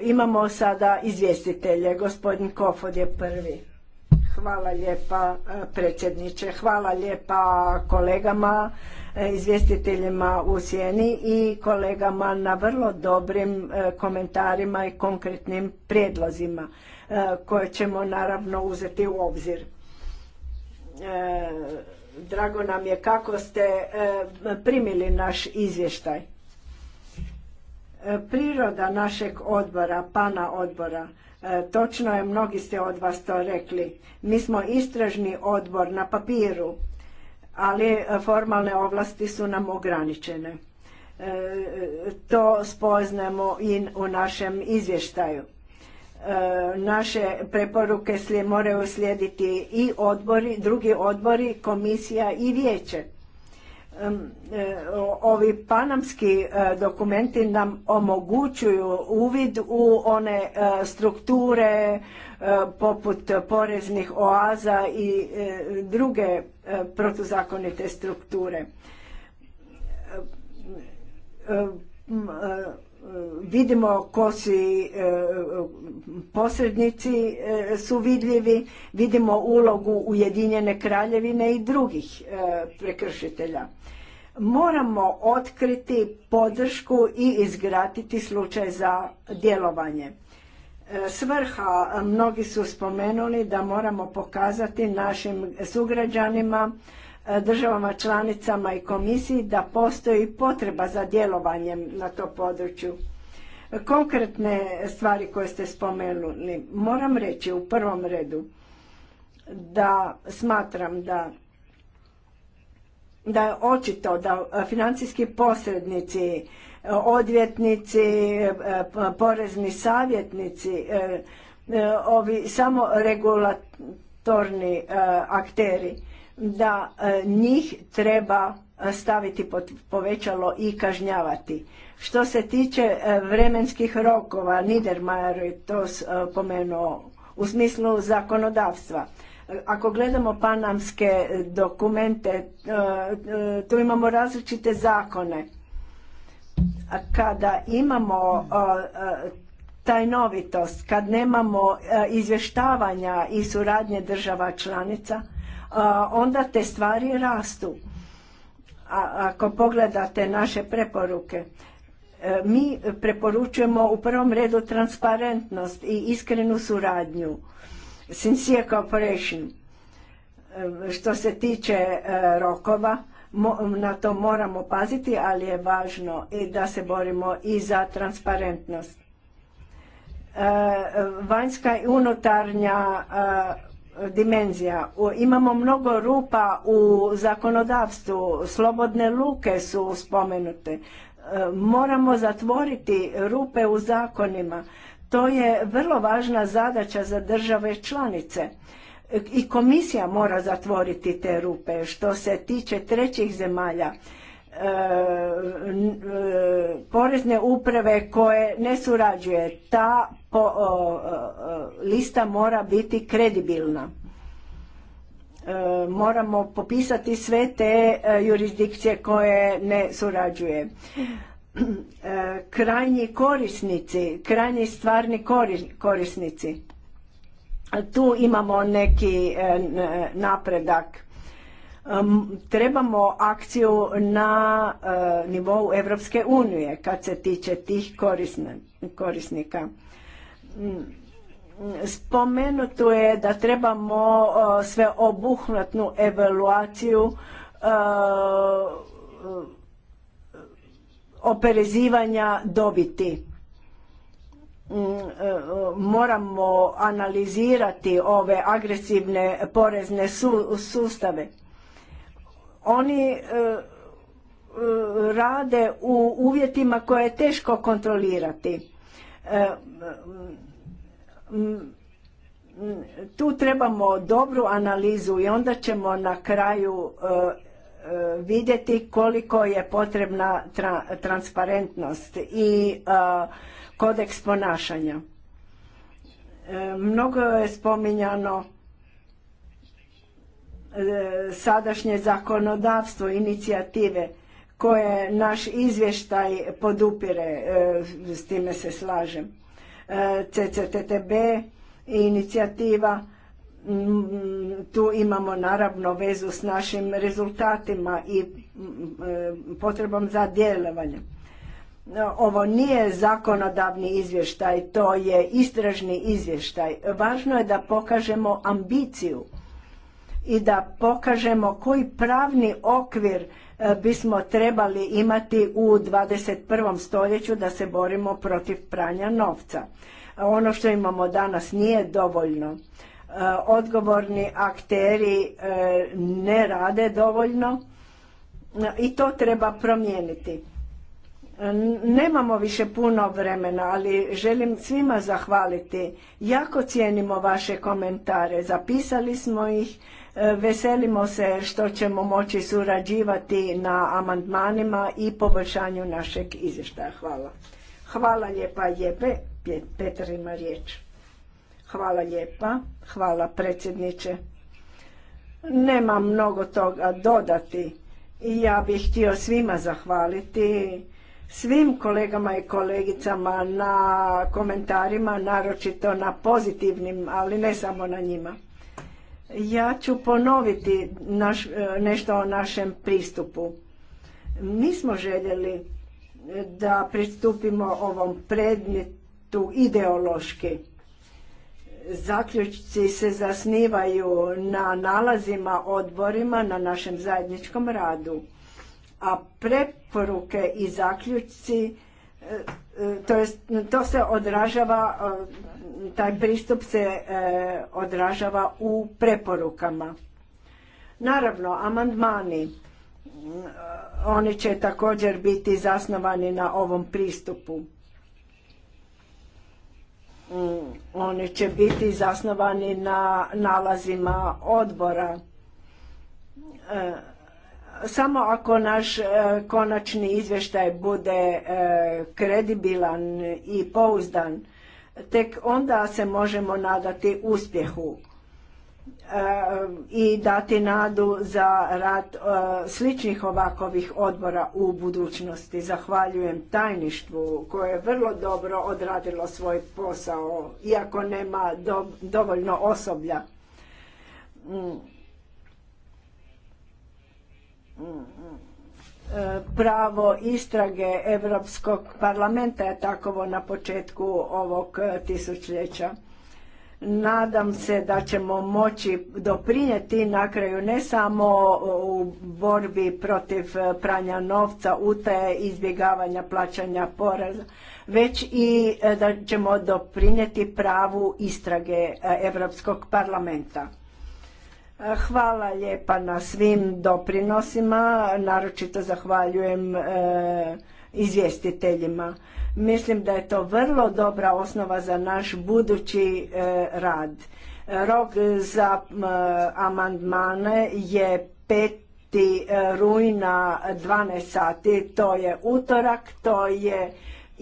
Imamo sada izvjestitelje. Gospodin Kofod je prvi. Hvala lijepa predsjedniče, hvala lijepa kolegama E, izvjestiteljima u sjeni i kolegama na vrlo dobrim e, komentarima i konkretnim prijedlozima e, koje ćemo naravno uzeti u obzir. Drago nam je kako ste primili naš izvještaj. Priroda našeg odbora, pana odbora, točno je, mnogi ste od vas to rekli. Mi smo istražni odbor na papiru, ali e, formalne ovlasti su nam ograničene. E, to spoznamo i u našem izvještaju. E, naše preporuke moraju slijediti i odbori, drugi odbori, komisija i vijeće E, ovi panamski e, dokumenti nam omogućuju uvid u one e, strukture poput poreznih oaza i druge protuzakonite strukture vidimo ko si e, posrednici e, su vidljivi, vidimo ulogu Ujedinjene kraljevine i drugih e, prekršitelja. Moramo otkriti podršku i izgratiti slučaj za djelovanje. Svrha, mnogi su spomenuli da moramo pokazati našim sugrađanima državama članicama i komisiji da postoji potreba za djelovanjem na to području. Konkretne stvari koje ste spomenuli, moram reći u prvom redu da smatram da da je očito da financijski posrednici, odvjetnici, porezni savjetnici, e, e, ovi samo regulatorni e, akteri da e, njih treba e, staviti pod povećalo i kažnjavati. Što se tiče e, vremenskih rokova, Niedermayer je to spomenuo u smislu zakonodavstva. Ako gledamo panamske dokumente, tu imamo različite zakone. Kada imamo tajnovitost, kad nemamo izvještavanja i suradnje država članica, onda te stvari rastu. A ako pogledate naše preporuke, e, mi preporučujemo u prvom redu transparentnost i iskrenu suradnju. Sincere cooperation. E, što se tiče e, rokova, na to moramo paziti, ali je važno i da se borimo i za transparentnost. Vanjska i unutarnja dimenzija. Imamo mnogo rupa u zakonodavstvu, slobodne luke su spomenute. E, moramo zatvoriti rupe u zakonima. To je vrlo važna zadaća za države članice. E, I komisija mora zatvoriti te rupe što se tiče trećih zemalja porezne uprave koje ne surađuje. Ta lista mora biti kredibilna. E, moramo popisati sve te e, jurisdikcije koje ne surađuje. E, krajnji korisnici, krajnji stvarni korisnici. Tu imamo neki napredak trebamo akciju na e, nivou Europske unije kad se tiče tih korisnika. Mm, spomenuto je da trebamo e, sveobuhvatnu evaluaciju e, operezivanja dobiti. Mm, moramo analizirati ove agresivne porezne sustave oni e, e, rade u uvjetima koje je teško kontrolirati. E, tu trebamo dobru analizu i onda ćemo na kraju vidjeti koliko je potrebna transparentnost i kodeks ponašanja. Mnogo je spominjano E, sadašnje zakonodavstvo inicijative koje naš izvještaj podupire, e, s time se slažem. E, CCTTB inicijativa, tu imamo naravno vezu s našim rezultatima i potrebom za djelovanje. Ovo nije zakonodavni izvještaj, to je istražni izvještaj. Važno je da pokažemo ambiciju i da pokažemo koji pravni okvir e, bismo trebali imati u 21. stoljeću da se borimo protiv pranja novca. Ono što imamo danas nije dovoljno. E, odgovorni akteri e, ne rade dovoljno i to treba promijeniti. Nemamo više puno vremena, ali želim svima zahvaliti. Jako cijenimo vaše komentare. Zapisali smo ih E, veselimo se što ćemo moći surađivati na amandmanima i poboljšanju našeg izvještaja. Hvala. Hvala lijepa jebe, Petar ima riječ. Hvala lijepa. Hvala predsjedniče. Nema mnogo toga dodati. I ja bih htio svima zahvaliti, svim kolegama i kolegicama na komentarima, naročito na pozitivnim, ali ne samo na njima. Ja ću ponoviti naš, e, nešto o našem pristupu. Mi smo željeli e, da pristupimo ovom predmetu ideološki. Zaključci se zasnivaju na nalazima odborima na našem zajedničkom radu, a preporuke i zaključci e, to, to se odražava taj pristup se e, odražava u preporukama. Naravno, amandmani, oni će također biti zasnovani na ovom pristupu. Oni će biti zasnovani na nalazima odbora. E, samo ako naš e, konačni izvještaj bude kredibilan i pouzdan tek onda se možemo nadati uspjehu e, i dati nadu za rad e, sličnih ovakovih odbora u budućnosti. Zahvaljujem tajništvu koje je vrlo dobro odradilo svoj posao, iako nema dovoljno osoblja. Mm. Mm, mm pravo istrage Europskog parlamenta je takovo na početku ovog e, tisućljeća. Nadam se da ćemo moći doprinijeti na kraju ne samo u borbi protiv e, pranja novca, utaje, izbjegavanja plaćanja poreza, već i e, da ćemo doprinijeti pravu istrage Europskog parlamenta. Hvala lijepa na svim doprinosima, naročito zahvaljujem e, izvjestiteljima. Mislim da je to vrlo dobra osnova za naš budući e, rad. Rok za amandmane je 5. E, rujna 12 sati, to je utorak, to je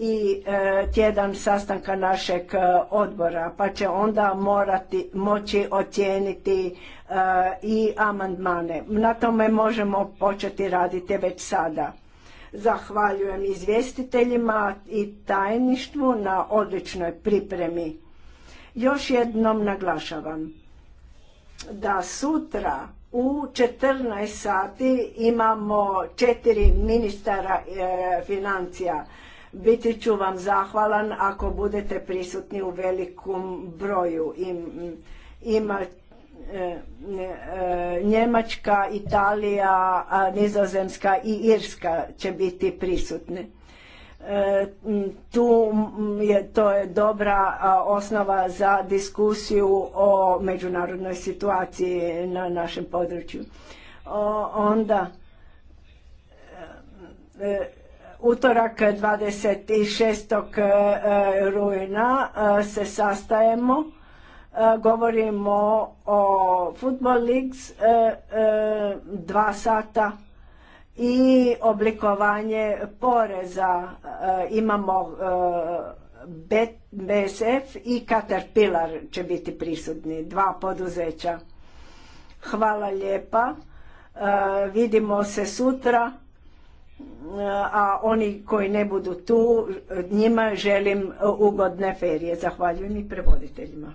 i e, tjedan sastanka našeg e, odbora, pa će onda morati moći ocijeniti e, i amandmane. Na tome možemo početi raditi već sada. Zahvaljujem izvjestiteljima i tajništvu na odličnoj pripremi. Još jednom naglašavam da sutra u 14 sati imamo četiri ministara financija biti ću vam zahvalan ako budete prisutni u velikom broju. Ima e, e, Njemačka, Italija, Nizozemska i Irska će biti prisutne. Tu je, to je dobra osnova za diskusiju o međunarodnoj situaciji na našem području. Onda e, utorak 26. Eh, eh, eh, rujna se sastajemo, govorimo o Football Leagues dva sata i oblikovanje poreza. Imamo BSF i Caterpillar će biti prisutni, dva poduzeća. Hvala lijepa, vidimo se sutra a oni koji ne budu tu, njima želim uh, ugodne ferije. Zahvaljujem i prevoditeljima.